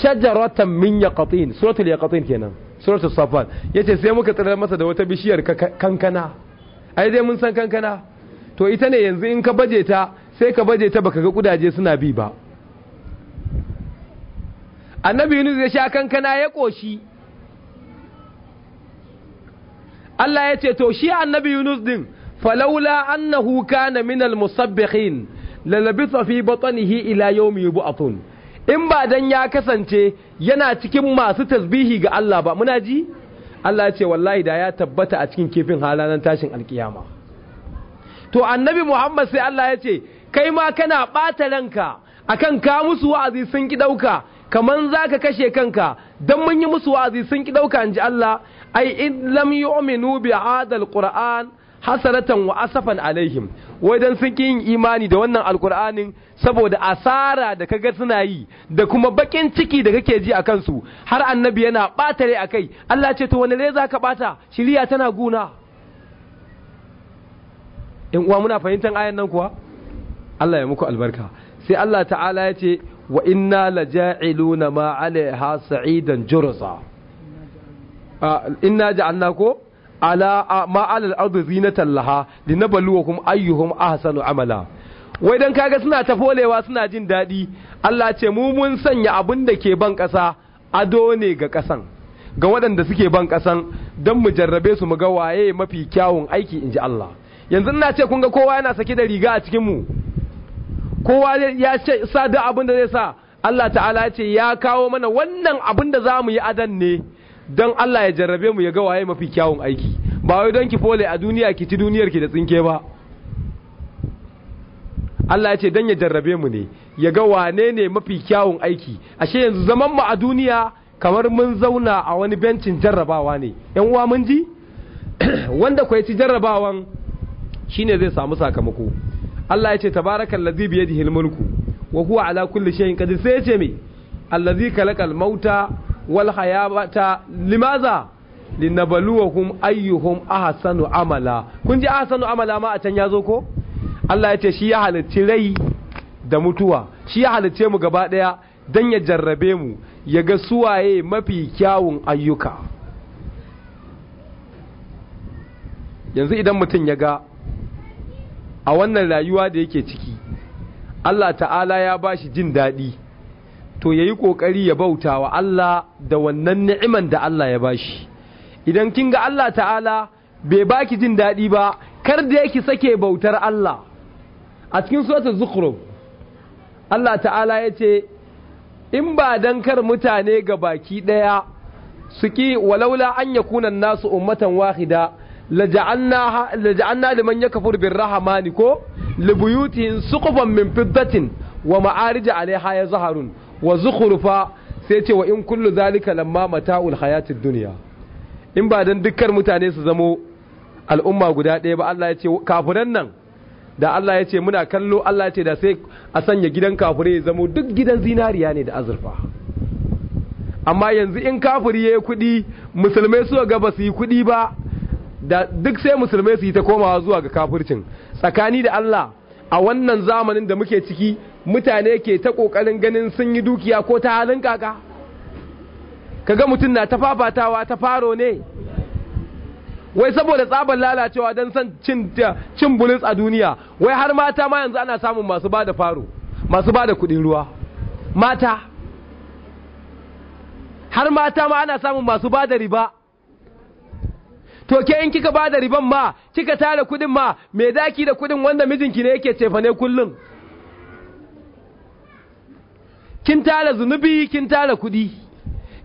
shajaratan min yaqatin suratul yaqatin kenan suratul safat yace sai muka tsare masa da wata bishiyar kankana ai dai mun san kankana to ita ne yanzu in ka baje ta sai ka baje ta baka ga kudaje suna bi ba annabi Yunus ya sha kankana ya koshi Allah ya ce to shi annabi Yunus din falaula annahu kana minal musabbihin lalabisa fi batnihi ila yawmi yub'athun in ba dan ya kasance yana cikin masu tasbihi ga Allah ba muna ji Allah ya ce wallahi da ya tabbata a cikin kifin halanan tashin alkiyama to annabi Muhammad sai Allah ya ce kai ma kana ɓata ranka akan ka musu wa'azi sun ki ɗauka kaman zaka kashe kanka dan mun yi musu wa'azi sun ki dauka inji Allah ai in lam yu'minu bi hadal qur'an hasaratan wa asafan alaihim wai dan sun yin imani da wannan alkur'anin saboda asara da kaga suna yi da kuma bakin ciki da kake ji a kansu har annabi yana bata rai kai. Allah ce to wani rai zaka bata shiriya tana guna in uwa muna fahimtar ayan nan kuwa Allah ya muku albarka sai Allah ta'ala ya ce wa inna laja'iluna ma alaiha sa'idan jurza inna ja'alna ko ala ma alal ardi zinatan laha linabluwakum ayyuhum ahsanu amala wai dan kaga suna ta folewa suna jin daɗi Allah ce mu mun sanya abin da ke ban kasa ado ne ga ƙasan ga waɗanda suke ban ƙasan don mu jarrabe su mu ga waye mafi kyawun aiki in ji Allah yanzu ina ce kun ga kowa yana sake da riga a cikin mu kowa ya ce sa duk abin da zai sa Allah ta'ala ya ce ya kawo mana wannan abin da za mu yi adan ne don Allah ya jarrabe mu ya ga waye mafi kyawun aiki ba wai don ki fole a duniya ki ci duniyar ki da tsinke ba Allah ya ce don ya jarrabe mu ne ya ga wane ne mafi kyawun aiki ashe yanzu zaman mu a duniya kamar mun zauna a wani bencin jarrabawa ne yan uwa mun ji wanda kwai ci jarrabawan shine zai samu sakamako Allah ya ce tabarakal lazibi bi yadihi al mulku wa huwa ala kulli shay'in qadir sai ya ce me allazi kalakal mauta wal hayata limaza linabluwakum ayyuhum ahsanu amala kun ji ahsanu amala ma a can zo ko Allah ya ce shi ya halicci rai da mutuwa shi ya halicce mu gaba daya dan ya jarrabe mu ya ga suwaye mafi kyawun ayyuka yanzu idan mutum ya ga a wannan rayuwa da yake ciki Allah ta'ala ya bashi jin daɗi to yayi kokari ya bauta wa Allah da wannan ni'iman da Allah ya bashi idan kin ga Allah ta'ala bai baki jin daɗi ba kar da yake sake bautar Allah a cikin suratul zukhruf Allah ta'ala ya ce, in ba dan kar mutane ga baki ɗaya su ki walaula an yakuna nasu ummatan wahida laja'anna laja'anna liman yakfur rahmani ko libuyutihim suqufan min fiddatin wa ma'arij 'alayha yazharun wa zukhrufa sai ce wa in kullu zalika lamma mata'ul hayatid dunya in ba dan dukkan mutane su zamo al'umma guda ɗaya ba Allah ya ce kafiran nan da Allah ya ce muna kallo Allah ya ce da sai a sanya gidan kafire ya zamo duk gidan zinariya ne da azurfa amma yanzu in kafiri ya yi kuɗi musulmai suka ga ba su yi kuɗi ba da duk sai musulmai su yi ta komawa zuwa ga kafircin tsakani da Allah a wannan zamanin da muke ciki mutane ke ta ƙoƙarin ganin sun yi dukiya ko ta halin kaka kaga mutum na ta fafatawa ta faro ne wai saboda tsabar lalacewa don san cin bulis a duniya wai har mata ma yanzu ana samun masu ba da faro masu ba da kudin ruwa mata har mata ma ana samun masu ba da riba to ke in kika ba da riban ma kika tara kudin ma mai daki da kudin wanda mijinki ne yake cefane kullum kin tara zunubi kin tara kuɗi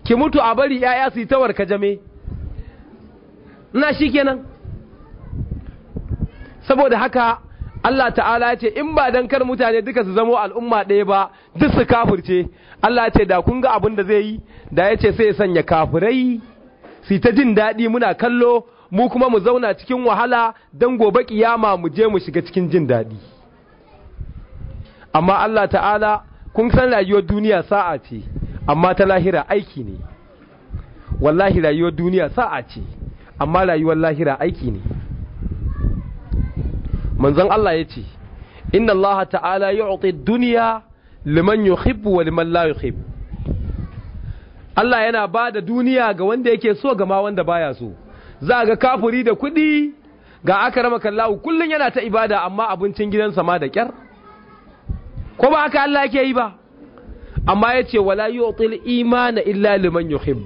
ki mutu a bari ‘ya'ya su yi tawar ka jame ina shi kenan saboda haka Allah ta'ala ya ce in ba dan kar mutane duka su zamo al'umma ɗaya ba duk su kafurce Allah ce da kun ga abin da zai yi da ya ce sai ya sanya kafurai su yi ta jin daɗi muna kallo mu kuma mu zauna cikin wahala don gobe ƙiyama mu je mu shiga cikin jin daɗi amma Allah ta'ala kun san rayuwar duniya sa'a ce amma ta lahira aiki ne wallahi rayuwar duniya sa'a ce amma rayuwar lahira aiki ne manzon Allah ya ce inna Allah ta'ala yu'ti ad-dunya liman yuhibbu wa liman la yuhibbu Allah yana ba da duniya ga wanda yake so ga ma wanda baya so za ga kafuri da kuɗi ga aka rama kallahu kullum yana ta ibada amma abincin gidansa ma da kyar ko ba haka Allah yake yi ba amma yace, ce wala yu'til imana illa liman yuhib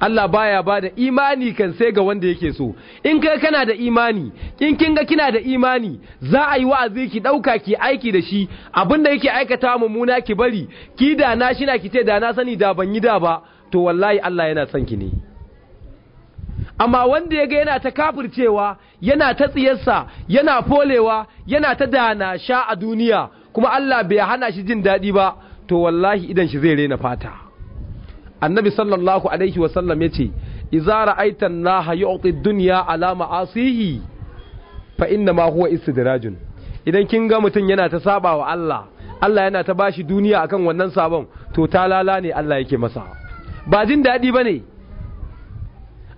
Allah baya ba da imani kan sai ga wanda yake so in kai kana da imani in kin ga kina da imani za a yi wa'azi ki dauka ki aiki da shi abinda yake aikata mummuna ki bari ki da na shi na ki ce da na sani da ban yi da ba to wallahi Allah yana son ki ne amma wanda ya ga yana ta kafircewa yana ta tsiyarsa yana folewa yana ta dana sha a duniya kuma Allah bai hana shi jin daɗi ba to wallahi idan shi zai rena fata annabi sallallahu alaihi wasallam ya ce iza ra'aitan naha yu'ti dunya ala ma'asihi fa inna ma huwa istidrajun idan kin ga mutum yana ta saba wa Allah Allah yana ta bashi duniya akan wannan sabon to lala ne Allah yake masa ba jin daɗi ba ne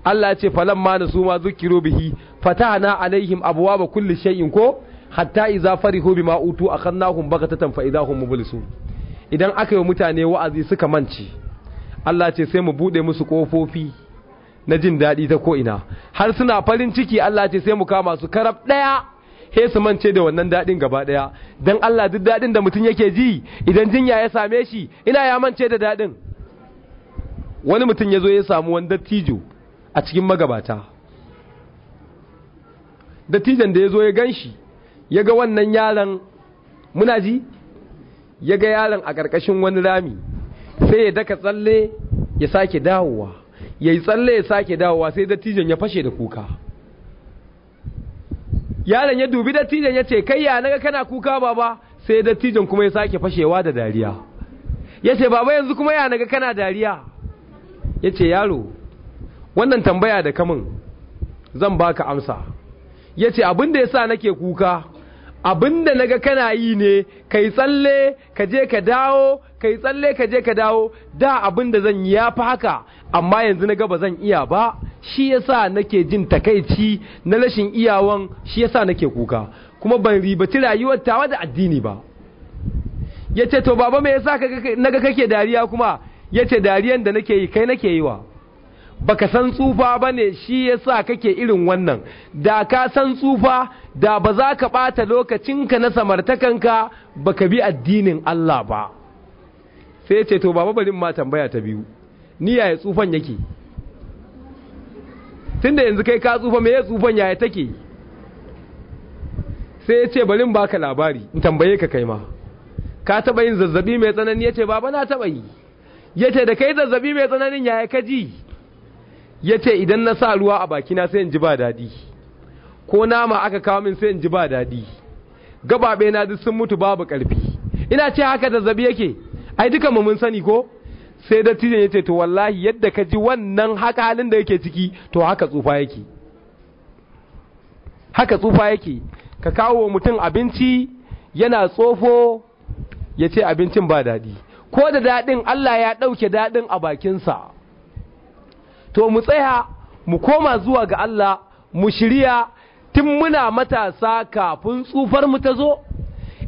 Allah ce falamma nasu ma zukiru bihi fatahana alaihim ba kulli shay'in ko hatta iza farihu bima utu akhannahum bagatatan fa idahum mublisun idan aka yi mutane wa'azi suka manci Allah ce sai mu bude musu kofofi na jin daɗi ta ko ina har suna farin ciki Allah ce sai mu kama su karab ɗaya he su mance da wannan daɗin gaba ɗaya dan Allah duk daɗin da mutum yake ji idan jinya ya same shi ina ya mance da daɗin wani mutun yazo ya samu wani dattijo a cikin magabata dattijon da ya zo ya ganshi ya ga wannan yaron muna ji ya ga yaron a ƙarƙashin wani rami sai ya daka tsalle ya sake dawowa ya yi tsalle ya sake dawowa sai dattijan ya fashe da kuka yaron ya dubi dattijan ya ce kai ya naga kana kuka baba sai dattijan kuma ya sake fashewa da dariya ya ce baba yanzu kuma ya naga kana dariya ya ce yaro wannan tambaya da kamun zan baka amsa ya ce abinda da ya sa nake kuka Abin da naga kana yi ne kai tsalle ka je ka dawo kai tsalle ka je ka dawo da abin da zan yi ya fi haka amma yanzu naga ba zan iya ba shi yasa nake jin takaici na rashin iyawan shi yasa nake kuka kuma ban ribaci rayuwar tawa da addini ba yace to baba me yasa naga kake dariya kuma yace dariyan da nake yi kai nake yi wa baka san tsufa ba ne shi ya sa kake irin wannan da ka san tsufa da ba za ka ɓata lokacinka na samartakanka ba ka bi addinin Allah ba sai ce to baba barin ma tambaya ta biyu ni yaya tsufan yake da yanzu kai ka tsufa me ya tsufan yaya take sai ya ce barin baka labari in tambaye ka kai ma ka taba yin zazzabi mai tsanani ce baba na taba yi ce da kai zazzabi mai tsananin yaya ka ji ya ce idan na sa ruwa a bakina sai in ji ba daɗi ko nama aka kawo min sai in ji ba daɗi gababe na duk sun mutu babu ƙarfi ina ce haka zabi yake ai duka mu mun sani ko sai dattijan ya ce to wallahi yadda ka ji wannan haka halin da yake ciki to haka tsufa yake haka tsufa yake ka kawo mutum abinci yana tsofo ya ce abincin ba daɗi ko da daɗin Allah ya ɗauke daɗin a bakinsa to mu tsaya mu koma zuwa ga Allah mu shirya tun muna matasa kafin tsufar mu ta zo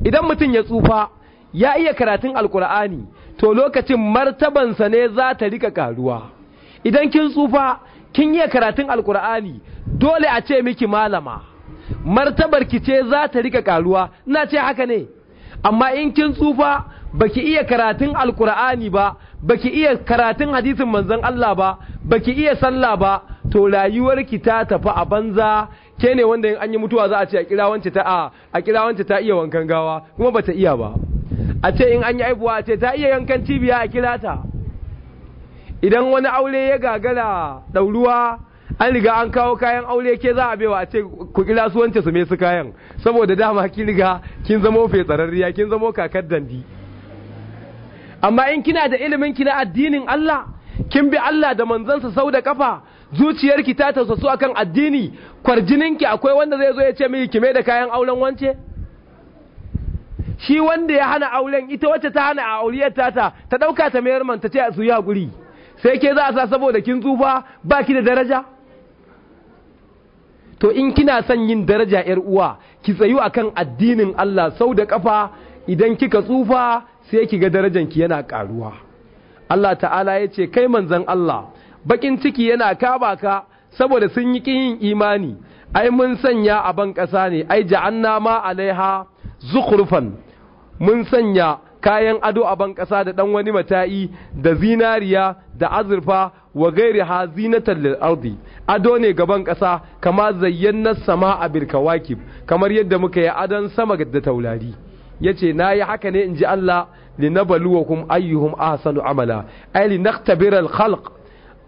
idan mutum ya tsufa ya iya karatun alkur'ani to lokacin martabansa ne za ta rika karuwa idan kin tsufa kin iya karatun alkur'ani dole a ce miki malama martabar ki ce za ta rika karuwa ina ce haka ne amma in kin tsufa baki iya karatun alkur'ani ba baki iya karatun hadisin manzon Allah ba baki iya sallah ba to rayuwarki ta tafi a banza ke ne wanda in an yi mutuwa za a ce a kira wance ta a a kira wance ta iya wankan gawa kuma bata iya ba a ce in an yi aibuwa a ce ta iya yankan cibiya a kira ta idan wani aure ya gagara ɗauruwa an riga an kawo kayan aure ke za a bewa a ce ku kira su wance su me su kayan saboda dama kin riga kin zamo fetsararriya kin zamo kakar dandi amma in kina da ilimin ki na addinin Allah kin bi Allah da manzansa sau da kafa zuciyarki ta tausasu akan addini kwarjininki akwai wanda zai zo ya ce miki kime da kayan auren wance shi wanda ya hana auren ita wacce ta hana a auriyar tata ta dauka ta mayar man ta ce a su yi guri sai ke za a sa saboda kin tsufa baki da daraja to in kina son yin daraja yar uwa ki tsayu akan addinin Allah sau da kafa idan kika tsufa sai ki ga darajanki yana ƙaruwa. Allah ta'ala ya ce kai manzon Allah bakin ciki yana kaba ka saboda sun yi kin imani ai mun sanya a ban ƙasa ne ai ja'anna ma alaiha zukhrufan mun sanya kayan ado a ban ƙasa da ɗan wani mata'i da zinariya da azurfa wa gairi ha zinatan lil ardi ado ne gaban ƙasa kama zayyana sama a birkawakib kamar yadda muka yi adon sama da taulari yace yi haka ne inji Allah linabluwakum ayyuhum ahsanu amala ay linaktabira al-khalq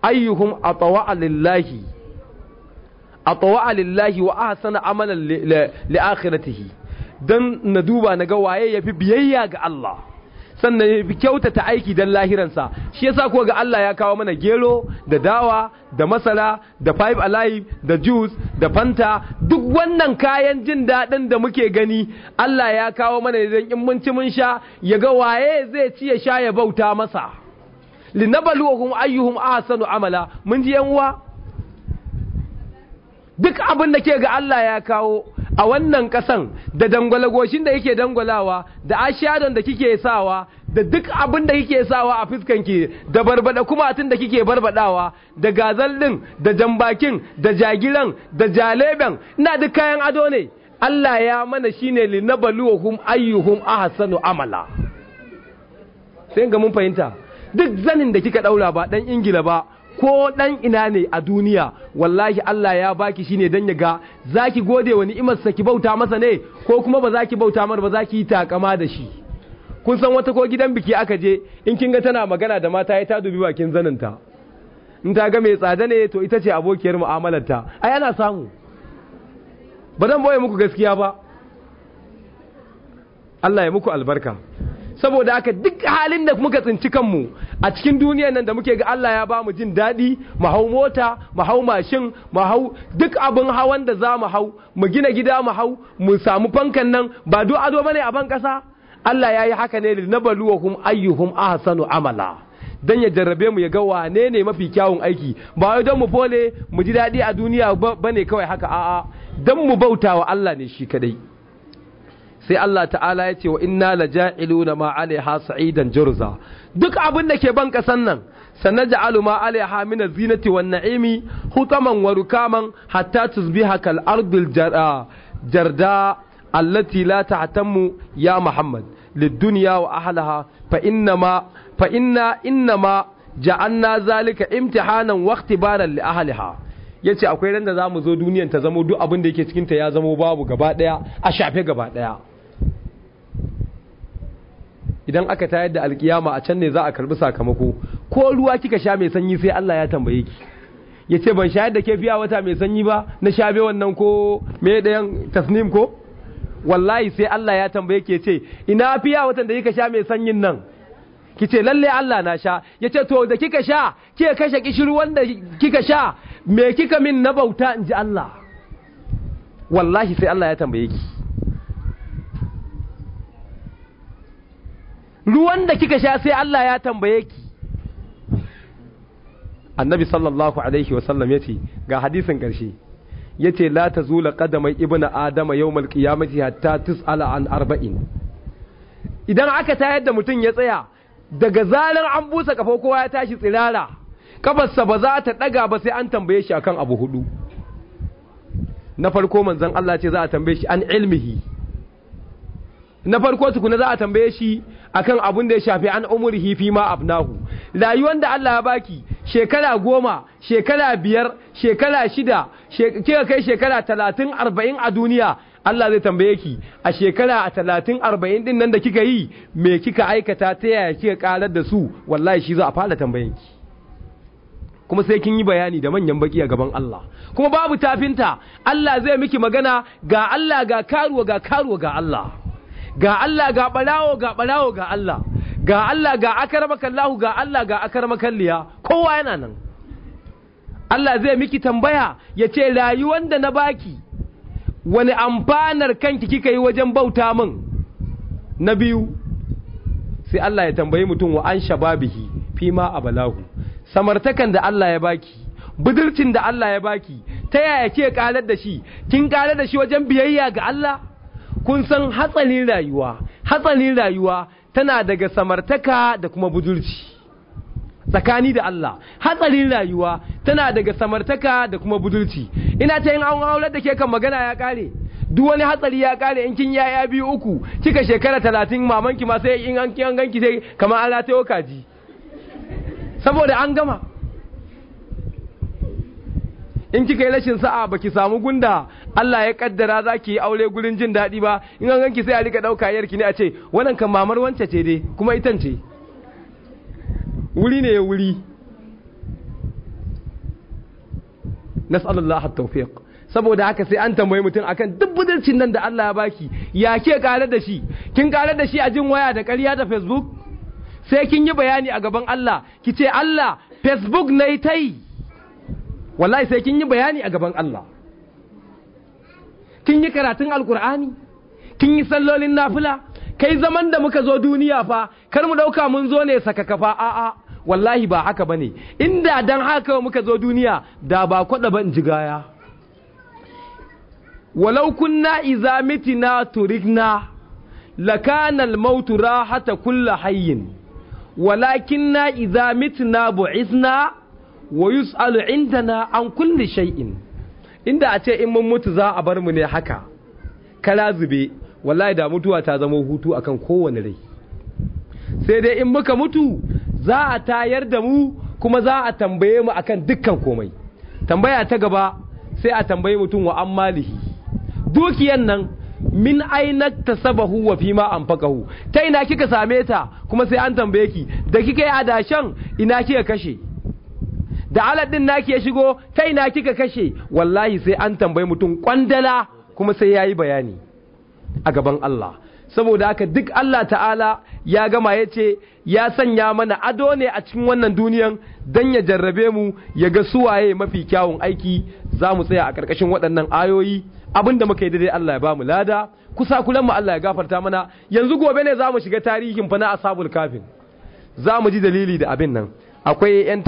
ayyuhum atwa'a lillahi a lillahi wa ahsana amalan li akhiratihi dan na duba naga waye yafi biyayya ga Allah sannan ya fi kyautata aiki don lahiransa shi yasa kuwa ga Allah ya kawo mana gero da dawa da masara da five alive da juice da fanta duk wannan kayan jin daɗin da muke gani Allah ya kawo mana idan in mun ci mun sha ya ga waye zai ci ya sha ya bauta masa linabluhum ayyuhum ahsanu amala mun ji yan uwa duk abin da ke ga Allah ya kawo a wannan kasan, da dangwalagoshin da kike dangwalawa da ashadon da kike sawa da duk abin da kike sawa a fuskanki da barbada kumatun da kike barbadawa da gazal da jambakin da jagiran da jaleben ina duk kayan ado ne Allah ya mana shine linabluhum ayyuhum ahsanu amala sai ga mun fahimta duk zanin da kika daura ba dan ingila ba ko dan ina ne a duniya wallahi Allah ya baki shine dan ya ga zaki gode wa ni'imar saki bauta masa ne ko kuma ba zaki bauta mar ba zaki yi takama da shi kun san wata ko gidan biki aka je in kin ga tana magana da mata ya ta dubi bakin zaninta in ta ga mai tsada ne to ita ce abokiyar mu'amalar ta ai ana samu ba zan boye muku gaskiya ba Allah ya muku albarka saboda haka duk halin da muka tsinci kanmu a cikin duniyar nan da muke ga Allah ya ba mu jin daɗi mu hau mota mu hau mashin mu hau duk abin hawan da za mu hau mu gina gida mu hau mu samu fankan nan ba duk ado bane a ban ƙasa Allah ya yi haka ne na baluwahum ayyuhum ahsanu amala dan ya jarrabe mu ya ga wane ne mafi kyawun aiki ba wai don mu fole mu ji daɗi a duniya bane kawai haka a'a dan mu bautawa Allah ne shi kadai sai Allah ta'ala ya ce wa inna na ma alaiha sa'idan jurza duk abin da ke ban kasan nan sanaja ma alaiha min zinati wan na'imi hutaman wa rukaman hatta tusbiha kal ardil ah, jarda allati la ta'tammu ya muhammad lidunya wa ahliha fa ma fa inna ma ja'alna zalika imtihanan wa ikhtibaran li ahliha yace akwai randa zamu zo duniyan ta zamo duk abin da yake ta ya zamo babu gaba daya a shafe gaba ɗaya idan aka tayar da alkiyama a can ne za a karbi sakamako ko ruwa kika sha mai sanyi sai Allah ya tambaye ki ya ban shayar da ke fiya wata mai sanyi ba na Sha be wannan ko me ɗayan tasnim ko wallahi sai Allah ya tambaye ki ce ina fiya watan da kika sha mai sanyin nan kice ce lalle Allah na sha yace to da kika sha ke kashe kishiru wanda kika sha me kika min na bauta in ji Allah wallahi sai Allah ya tambaye ki ruwan da kika sha sai Allah ya tambaye ki annabi sallallahu alaihi wasallam ya ce ga hadisin ƙarshe ya ce la ta zula ƙadamai ibn adama yau malƙiyamati hatta tus'ala an arba'in idan aka tayar da mutum ya tsaya daga zarar an busa kafa kowa ya tashi tsirara kafarsa ba za ta ɗaga ba sai an tambaye shi akan abu hudu na farko manzon Allah ce za a tambaye shi an ilmihi na farko tukuna za a tambaye shi akan abun da ya shafi an umurhi fi ma abnahu rayuwar da Allah ya baki shekara goma shekara biyar shekara shida kika kai shekara talatin arba'in a duniya Allah zai tambaye ki a shekara a talatin arba'in din nan da kika yi me kika aikata ta yaya kika karar da su wallahi shi za a fara tambayen ki kuma sai kin yi bayani da manyan baki a gaban Allah kuma babu tafinta Allah zai miki magana ga Allah ga karuwa ga karuwa ga Allah ga Allah ga balawo ga balawo ga Allah ga Allah ga akarmakallahu ga Allah ga akarmakalliya kowa yana nan Allah zai miki tambaya ya ce rayuwar da na baki wani amfanar kanki kika yi wajen bauta min na biyu sai Allah ya tambayi mutum wa an shababihi fi ma abalahu samartakan da Allah ya baki budurcin da Allah ya baki ta yaya ke karar da shi kin karar da shi wajen biyayya ga Allah kun san hatsalin rayuwa hatsalin rayuwa tana daga samartaka da kuma budurci tsakani da Allah hatsarin rayuwa tana daga samartaka da kuma budurci ina ta yin an aure da ke kan magana ya kare duk wani hatsari ya kare in kin yaya biyu uku kika shekara talatin mamanki ma sai in an ganki sai kamar an ratayo kaji saboda an gama in kika yi rashin sa'a baki samu gunda Allah ya kaddara za ki yi aure gurin jin daɗi ba in an ganki sai a rika ɗauka yarki ne a ce wannan kan mamar wance ce dai kuma itan ce wuri ne ya wuri nas'alullah at-tawfiq saboda haka sai an tambayi mutum akan duk budurcin nan da Allah ya baki ya ke kare da shi kin kare da shi a jin waya da ƙarya da Facebook sai kin yi bayani a gaban Allah ki ce Allah Facebook na yi ta yi wallahi sai kin yi bayani a gaban Allah kin yi karatun alkur'ani kin yi sallolin nafila kai zaman da muka zo duniya fa kar mu dauka mun zo ne saka kafa a'a wallahi ba haka bane inda dan haka muka zo duniya da ba kwada ban jigaya walau kunna iza mitina turikna lakana almautu maut rahata hayyin walakinna iza mitna bu'izna wa yus'alu indana an kulli shay'in inda a ce in mun mutu za a bar mu ne haka kala zube wallahi da mutuwa ta zama hutu akan kowane rai sai dai in muka mutu za a tayar da mu kuma za a tambaye mu akan dukkan komai tambaya ta gaba sai a tambaye mutum wa an malihi dukiyan nan min aina tasabahu wa fima anfaqahu ta ina kika same ta kuma sai an tambaye ki da kika yi adashan ina kika kashe da alad din naki ya shigo ta ina kika kashe wallahi sai an tambayi mutum kwandala kuma sai yayi bayani a gaban Allah saboda haka duk Allah ta'ala ya gama ya ce ya sanya mana ado ne a cikin wannan duniyan don ya jarrabe mu ya ga suwaye mafi kyawun aiki za mu tsaya a ƙarƙashin waɗannan ayoyi abinda muka yi daidai Allah ya ba mu lada kusa kulan mu Allah ya gafarta mana yanzu gobe ne za mu shiga tarihin fa na ashabul kafin za mu ji dalili da abin nan akwai 'yan